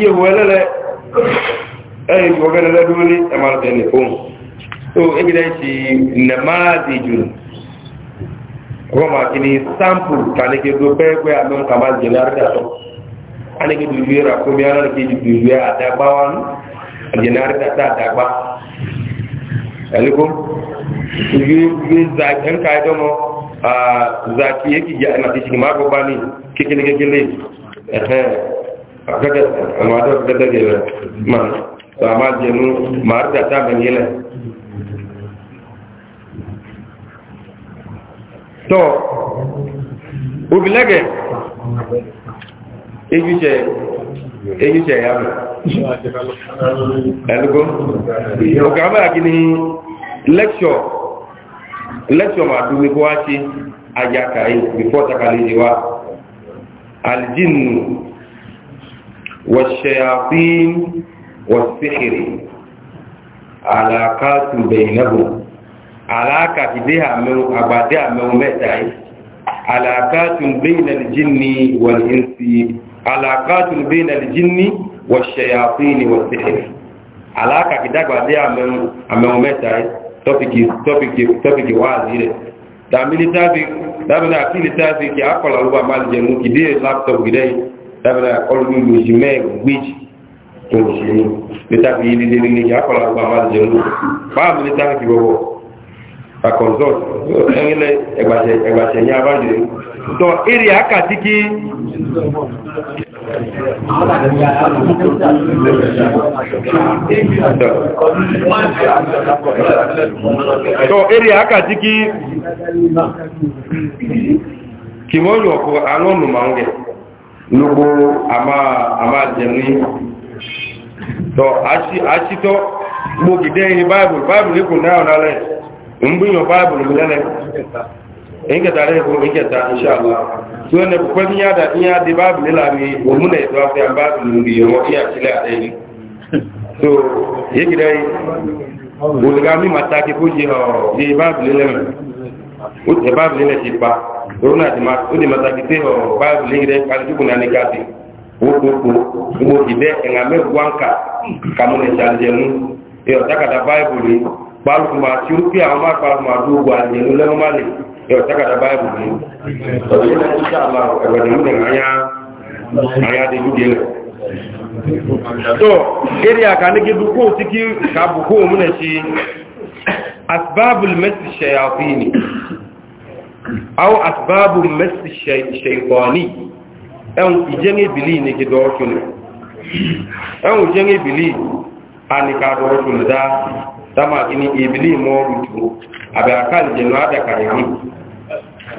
Speaker 1: ije huwelele ẹni gbọ́gẹ́lẹ́lẹ́ dúró ní ẹmàlùfẹ́ nìkan so ebile ti nẹ̀máàdì jù rọ́mà kí ni sáàmpù tàníkẹ́dó pẹ́ẹ́pẹ́ àmọ́ kàmá jẹ́lẹ́ àrídàtọ́ anẹ́kẹ́dó ìwé rà fún mi alárìkẹ́dó ìwé àdàgbà wọn jẹ́lẹ́ àrídàtọ́ àdàgbà ẹ̀lẹ́kọ́ ìwé ìwé zàkì ẹ̀ńkà ẹ̀dọ́mọ́ zàkì èkìjà ẹ̀nà tìṣìkì má gbọ́ bá ní kékeré kékeré ẹ̀hẹ́ akẹ́kẹ́ ya bụ ẹ̀lúgbọ́n ọ̀gá mẹ́ra kí ni lẹ́kṣọ̀ lẹ́kṣọ̀ màá dúró kó aja ka àyàkà yìí bífọ́ takalẹ̀ الجن والشياطين والسحر علاقات بينهم علاقة بها من أبادها مومتعي علاقات بين الجن والإنس علاقات بين الجن والشياطين والسحر علاقة بها من مومتعي topic topic topic واضح dami littafi dabina ati littafi ki akola luba mali jenu ki de laptop gidai dabina olu lu ji me gwiji to ji littafi yi de ni ki akola luba mali jenu ba mi littafi ki bobo a consult engile egbase egbase nya ba jire to iri akatiki to iri aka ciki kimoni ọkụ anụ nụma nge nugbo ama jemi to achịtọ gbogide Bible Bible baịbụl ikwu na ahụ na mgbe Bible baịbụl mgbe inga tare ko inga ta insha Allah to ne ko ni yada in ya de babu ne lami wa mun ne do afi an babu ne ni yo iya kila dai ni to yiki dai bulga mi mata ki ko ji ho de babu ne lami o de babu ne ti pa to na di ma o de mata ki te ho babu ne dai kan ju kuna ne ka ti o ko ko o ki de nga me wanka kamu ne chanje mu e o taka da bible ni balu ma ti o pi àwọn ma pa ma do gwa ni lo le ma yau saka da babu ne to ne na insha Allah ga da mun aya aya da gudu to area ka ne gidu ko tiki ka bu ko mun shi asbabul mas shayatin aw asbabul mas shaytani en ijenge bili ne gidu o tun en ijenge bili ani ka do tun da tama ini ibli mo rutu abe akal jenu ada karimu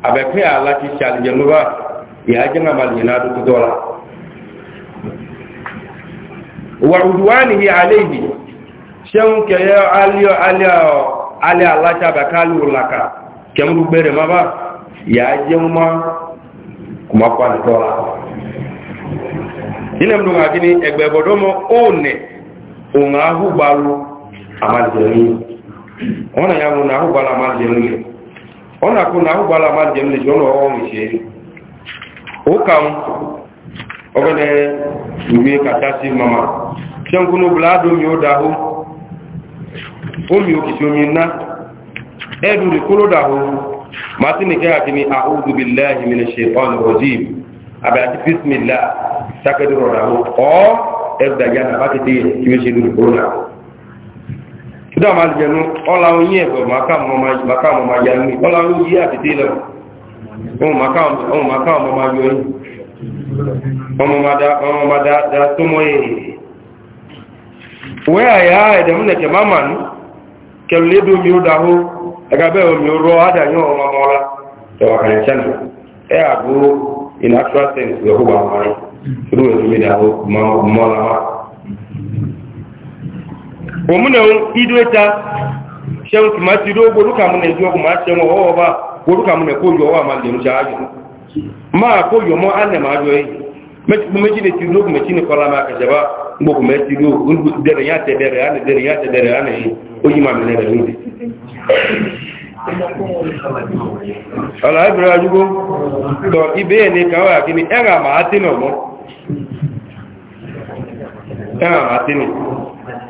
Speaker 1: se abẹ́pẹ́ aláti ṣe àlìjẹnúwà ìyá jẹ́nà màlìyàn adó tó dọ́la wà rùdùwánì yìí aléìdì ṣẹ́hun kẹyẹ alẹ́ aláti abẹ́kálù làkà kẹmùrù gbẹ̀rẹ̀ má bá ìyá jẹ́hun má kùmá pàdé dọ́la nílẹ̀ mìíràn àti ní ẹgbẹ̀ bọ̀dọ́mọ òònẹ̀ òun àhúgbàlù àmàlìjẹ̀rin wọn náà yà wọn àhúgbàlù àmàlìjẹ̀rin ọ na-akụ na ahụgbala ma njem na-eji ọnụ ọghọm iche ụka m ọgọdọ ume kachasị mama chenkwu n'obula adụ omi ụdahụ omi okisi omi nna eduri kúrò dahụ ma ti nìkẹ́ àti ahụ àhúdù bí lẹ́yìn mi ṣe ọ̀nà rọ̀jìm àbẹ̀ àti bísmìlá sákẹ́dù ọ ahụ dá máa jẹ nu ọlá oyin ẹ̀bẹ̀ màkà mọ́ máa yá ní ọlá oyin yí àtìtì lẹ̀ ohun màkà ọmọ máa yọ yìí ọmọ máa dá tó mọ́ yìí wẹ́ àyà mi o máa mà ní kẹlù lébi omi ó in actual sense omunewu idweta shewu timati do gboru ka mu ne jo ko ma se won owo ba a ka mu ne ko yo wa na le nja ajo ma ko yo mo anne ma jo yi e. meti bu meji ne ti do meji ne kola ma ka jaba gbo ko meti do un de re ya te ya te e. o yi ma me ne re ni ala ibra e ajugo to ibe ne ka wa kini era ma atino mo era ma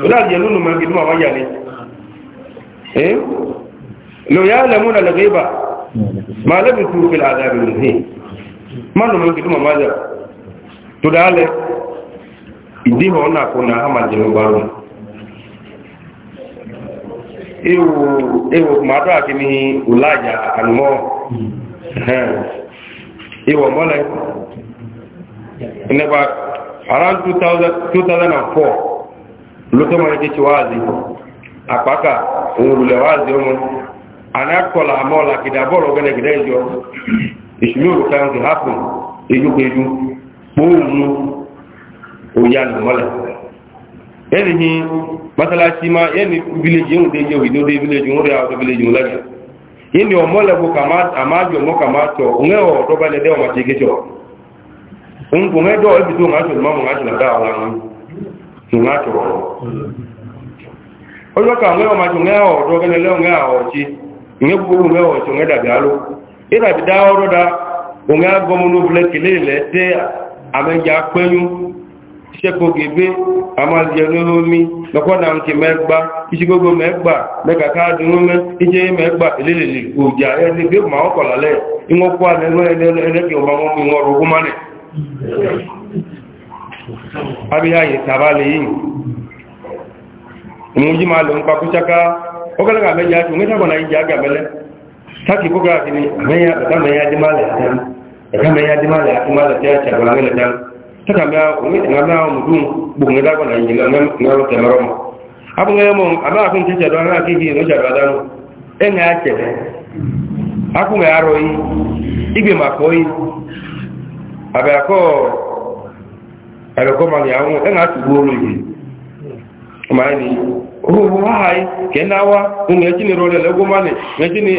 Speaker 1: wani aljanu ne ma giduma wanya ne eh lo ya lamu na lagai ba ma labin su fil azabi ne ma lamu giduma ma da to da ale idi ho na ko na hama jinu ba mu ewu ewu ma do 2004 lótó mọ̀ ẹ̀kẹ́ tí wáàzí àpákà òun rùlẹ̀ wáàzí ọmọ anákọ̀lá àmọ́ làkìdá bọ́ọ̀lù ọgbẹ́nẹ̀gìdẹ́ ìjọ ìṣúlẹ̀ òrùka ń fi hápùn ejúkejú póòmù òyà nìmọ́lẹ̀ ẹni ní mọ́sálásí máa yẹni fílẹ̀jì ń déjọ ìdóde fílẹ̀jì ń rí àwọn fílẹ̀jì ń lẹ́gbẹ̀ẹ́ yẹni ọmọlẹ̀ bó kàmáàjọ mọ́ kàmáàtọ̀ òun ẹ̀wọ̀ ọ̀dọ́bálẹ̀ dẹ́wọ̀n àti ẹgẹ́tọ̀ òun kò ń dọ́ ẹbí tùngá tọ̀rọ̀ ọjọ́ ka ǹgẹ́ ọmọ tùngá ọ̀dọ́ gẹ́nẹ̀ lẹ́ ǹgẹ́ ọ̀ọ̀chí ǹgẹ́ gbogbo ǹgẹ́ ọ̀ọ̀chí ǹgẹ́ dàbí aló ìdàbí dá ọrọ̀ dá ǹgẹ́ agọmọnú bilẹ̀ kìlé ilẹ̀ tẹ́ àmẹ́jà pẹ́yú iṣẹ́kọ̀ gẹ̀gbẹ́ àmàlìyànlómi lọ́kọ́ náà ti abiyaye tabale yin ma malon pa kuchaka ogala ga meja tu ngeta ga mele taki koga kini meya da dị di male da na di male ati male ta cha ga mele ya taka meya ngeta ngama mudu bu ngeta bona ija ngam ngam te maromo na kiki no cha badan en ya che aku me aro yi ẹ̀rọ̀kọ́ ma ní àwọn ẹ̀nà àtìgbò olóyìn ma ní owó wáhàí kẹ́ẹ̀náwá ohun ẹjí ni rọrẹ̀ lẹ́gbọ́ ma ní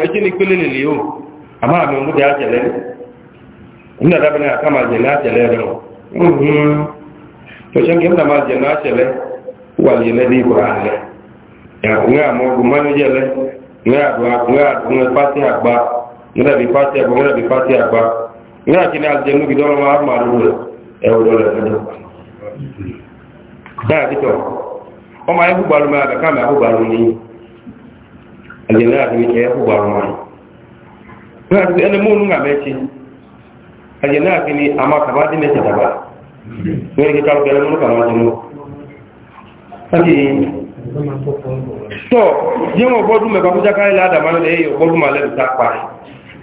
Speaker 1: ẹjí ni pélé lè léò àmá àmì ọmọdé àjẹ̀lẹ́ ní àkàmà jẹ̀lẹ́ àjẹ̀lẹ́ rẹ̀ ọ̀ṣẹ́ kí ẹ̀mdà máa jẹ̀lẹ́ àjẹ̀lẹ́ wà lè lẹ́dí ìbò àlẹ́ ya àmọ́ ogun mọ́ níjẹ̀lẹ́ ní dáa bí tọ́ ọmọ ayé húgbàrún máa bẹ̀ káàmì àhúgbàrún ní àjẹ́lẹ́ àdìmíkẹ́ húgbàrún máa ní àti ẹni múnú ngà mẹ́tí àjẹ́lẹ́ àti ní àmà kàbá dàbà wọ́n ní kíkà lọ́gbẹ̀rẹ̀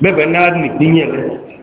Speaker 1: múnú kàmá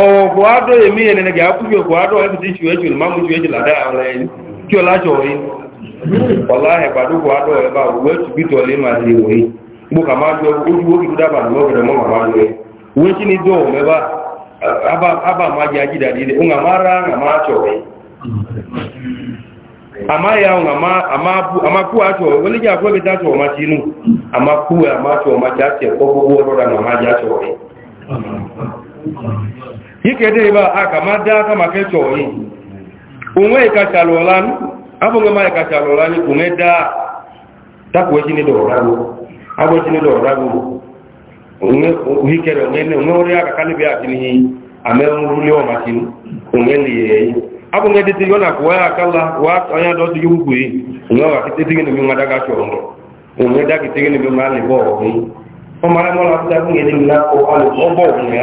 Speaker 1: ọ̀pọ̀ àdó èmí ẹ̀nẹ̀gẹ̀ àkúgbò ọ̀pọ̀ àdó ẹ̀fẹ́ tí ṣù ẹjù máa mú ṣù ẹjù làdá ààrẹ ẹni kí ọlá jọ yìí ọ̀lá ẹ̀pàdókò àdó ẹ̀bá òwú ẹ̀tù pítọ̀ lé máa lè wòye gbó kà máa jọ ojúwó kìí dábà lọ́gbẹ̀rẹ̀ mọ́ màmá lọ wé tí ní dọ̀ mẹ́bà ábà máa jẹ ajídà líle ó ngàmá rá ngàmá àtọ̀ rẹ̀ àmá ya àmá kú àtọ̀ wọlé jẹ́ àkọ́ ìbẹ̀tà àtọ̀ ọmọ tí inú àmá kú àmá àtọ̀ ọmọ tí àtẹ̀ kọ́ gbogbo ọlọ́dà ngàmá jẹ́ àtọ̀ rẹ̀ ike dị ebe a ka ma daa aka maka e ịchọ oyi onwe e kacha lụla abụghị ma e kacha onwe daa tapụ agwọchinedọrọragụ ohikere onwe ori aka kalibi a tinihi amerụrụli ọmachi onwe liyeyi abụghị dịtị yọ na kwụwa ya aka la wa onye dọtị gị ukwu yi onwe ọha kịtịtị gị nwada ọrụ onwe gị nwa alịbọ ọrụ nwa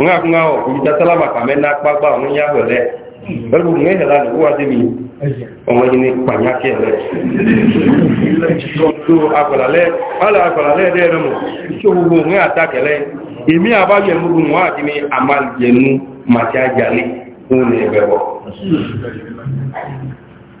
Speaker 1: nga kunga o ku ta salama ka men na pa gba on ya ho le bel bu nge la ku mi ni le tu akola le ala lɛ le ata ke le emi aba ye mu bu wa ati mi amal jenu ma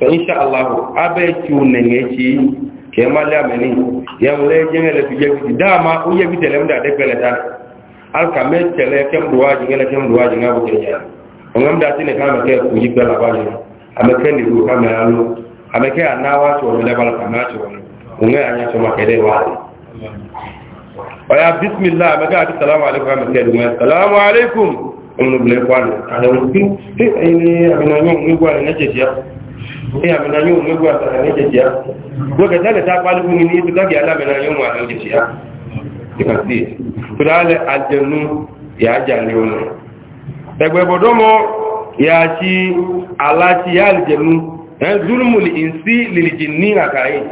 Speaker 1: to insha Allah abe ti unenge ti ke mali ameni ya mule jengele tu jebi dama uye vitele mda de pele ta al kame tele kem duwa jengele kem duwa jenga bu kenya ngam da tine kama ke ku jibda la bali ameke ni ku kama alu ameke anawa to mele bala kama to unge anya to makede wa oya bismillah ameke assalamu alaikum ameke du assalamu alaikum umnu ble kwan ana mutin ti ini amina nyong ngwa ne jeje ya mena yau mugu a tsananin jajiya ko ka tana ta kwali kun ni ta gaga ala mena yau mu a jajiya ti ka ti turale aljannu ya ya ci alaci ya aljannu zulmul insi lil jinni akai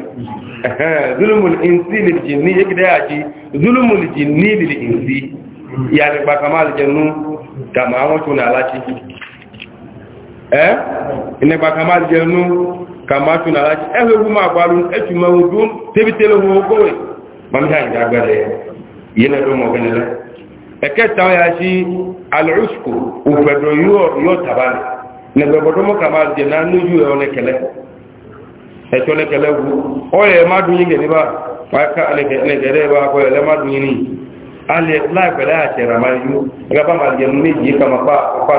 Speaker 1: zulmul insi lil jinni yake ya ci zulmul jinni lil insi ya ne ba kama aljannu kama wato na ee ịnịgba ka mazị e ka mmasụ na alachi dum hụ ogowe ma ihe anyị ga ya na-ebe ụmụ ogenele eketa ya si alụsku ufedo yuo tabali na ne obodo m ka mazị jenu anụ ju ya onekele ẹ̀tọ́ kele wu ọ̀rẹ́ mádùn yìí gẹ̀ẹ́ níbà a lè láìpẹ̀lẹ́ àṣẹ ràmáyú ma bá màlẹ̀ pa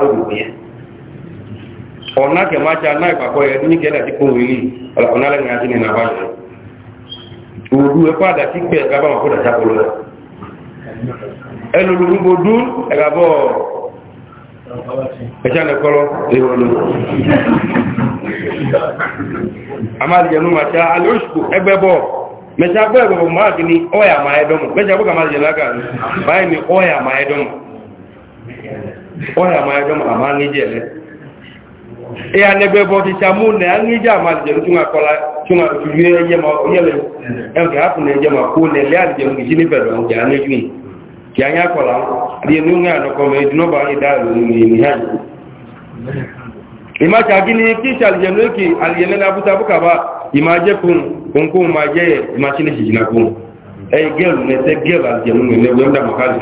Speaker 1: ọ̀nà kẹmàájá náà ìpàkọ́ ẹ̀ ní kẹ́lá tí kò wílì ọ̀nà lẹ́yìn àti nínú àbájọ́ òdu ẹ̀kọ́ àdàtí pẹ̀ ẹ̀gbà wọn kó dàjà kó lọ ẹlòlù gbogbo dún ẹ̀gbà bọ̀ ẹ̀ṣẹ́ nìkọ́lọ́ èrò lò amáàlìjẹ̀nú màṣá alóṣùkò ẹgbẹ́ bọ̀ mẹṣà bọ́ ẹ̀gbẹ̀bọ̀ máa kì ní kan. máa ẹ̀dọ́mù mẹṣà bọ́ kàmáàlìjẹ̀ lága báyìí ni ọ̀yà máa ẹ̀dọ́mù ọ̀yà máa ẹ̀dọ́mù àmáàlìjẹ̀ lẹ́ ya e nebe bo ti chamu ne angi jama de tunga kola tunga tuye yema yele en ga hapo ne jama ko ne le ali jemu jini pedo ngi kola di nunga no ko ni ni haji ima cha gini ki cha ali buta buka ima je kun kun ima chini jina kun ay gel ne te gel ali jemu ne we nda makali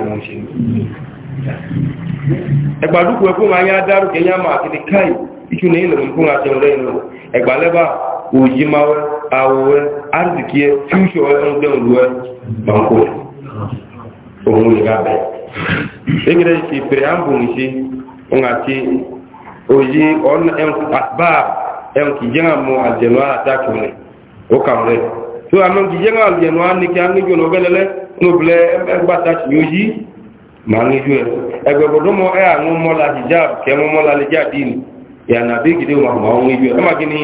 Speaker 1: jemu daru kenya ma ichu na ilimin kuna tewure inu egbaleba ojimawe awowe arzikiye fiushowe nden ruwe banko ohun igabe egere ti preambu nisi nga ti oji on en asbab en ki jenga mu aljenwa o ma ni e egbebodomo e àwọn mo la hijab ke ya na be gide ma ma onwe iwe kama gini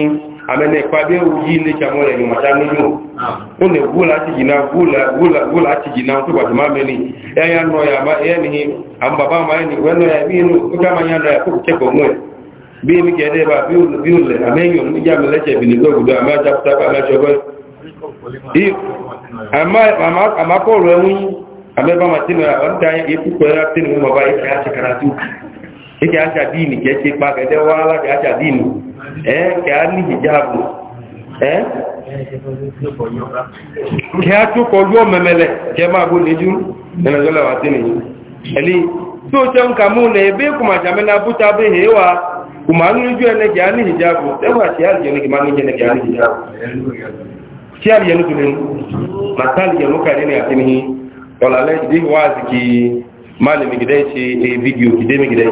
Speaker 1: amene kwa be uji ne cha mole ni matano yo une gula ti jina gula gula gula ti ni ya ya no ya ba ya ni am baba ma ni weno ya bi no kama ya no ya ku che ko mwe bi mi gede ba bi u bi u le amenyo ni ja mele che bi ni go gudu ja ta ma chogo i ama ama ama ko ya wanta ya ku ko ya ba ya karatu eke acha dini ke ti pa ke de wa la ke acha dini eh a ni hijabu eh ke a tu ko lu memele ke ma bo leju na lo la wa tini eli so che nka mu na ebe ku ma jamela buta be he wa ku ma nu ju ene ke a ni hijabu e wa ti a je ne ke ma ni je ne ke a ni hijabu ti a je no tu ne ma ta je no ka ne a tini wala le di wa ziki mali mi gidai ce e video gidai mi gidai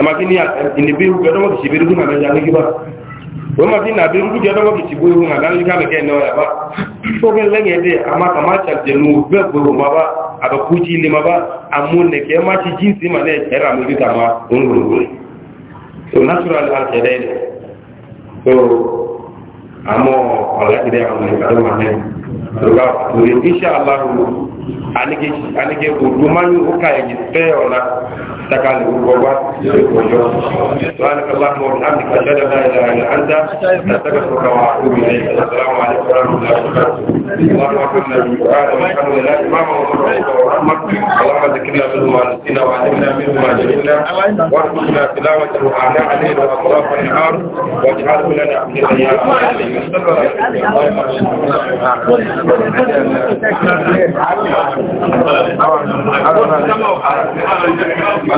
Speaker 1: ẹmàtí ní ìnìbí ìgbẹ́dọ́wọ́ kìí ṣìbẹ̀rẹ̀ fún àmẹ́jà ní kíbà wọ́n máa fi nàbí rúdú gẹ́dọ́wọ́ kìí ṣìbẹ̀rẹ̀ fún àmẹ́jà ní kálẹ̀kẹ́ ẹ̀nà ọ̀yàbá fókè lẹ́yìn ẹ̀dẹ́ àmàkàmá ṣàjẹ̀lú gbẹ́gbẹ̀rún ma bá àbẹ̀kújì ilé ma bá àmúnẹ̀kẹ́ má ti jíǹsì mà ní ẹ̀rà mi kíkà ma ń rò rò so natural alkẹ̀dẹ́ ẹ̀ so àmọ́ ọ̀làkẹ̀dẹ́ àwọn ìgbàdọ́ ma ní ọ̀gá òye iṣẹ́ aláhùn anigẹ́ òdùmáyò ó ka ẹ̀yìn fẹ́ ọ̀la تكالي وبوا سبحانك اللهم وبحمدك اشهد ان لا اله الا انت استغفرك واتوب اليك السلام عليكم ورحمه الله وبركاته اللهم اغفر لنا بالقران والحمد لله امام وصحبه ورحمه اللهم ذكرنا منه ما نسينا وعلمنا منه ما جهلنا وارزقنا تلاوته اعداء الليل واطراف النهار واجعله لنا من ايام
Speaker 3: اللهم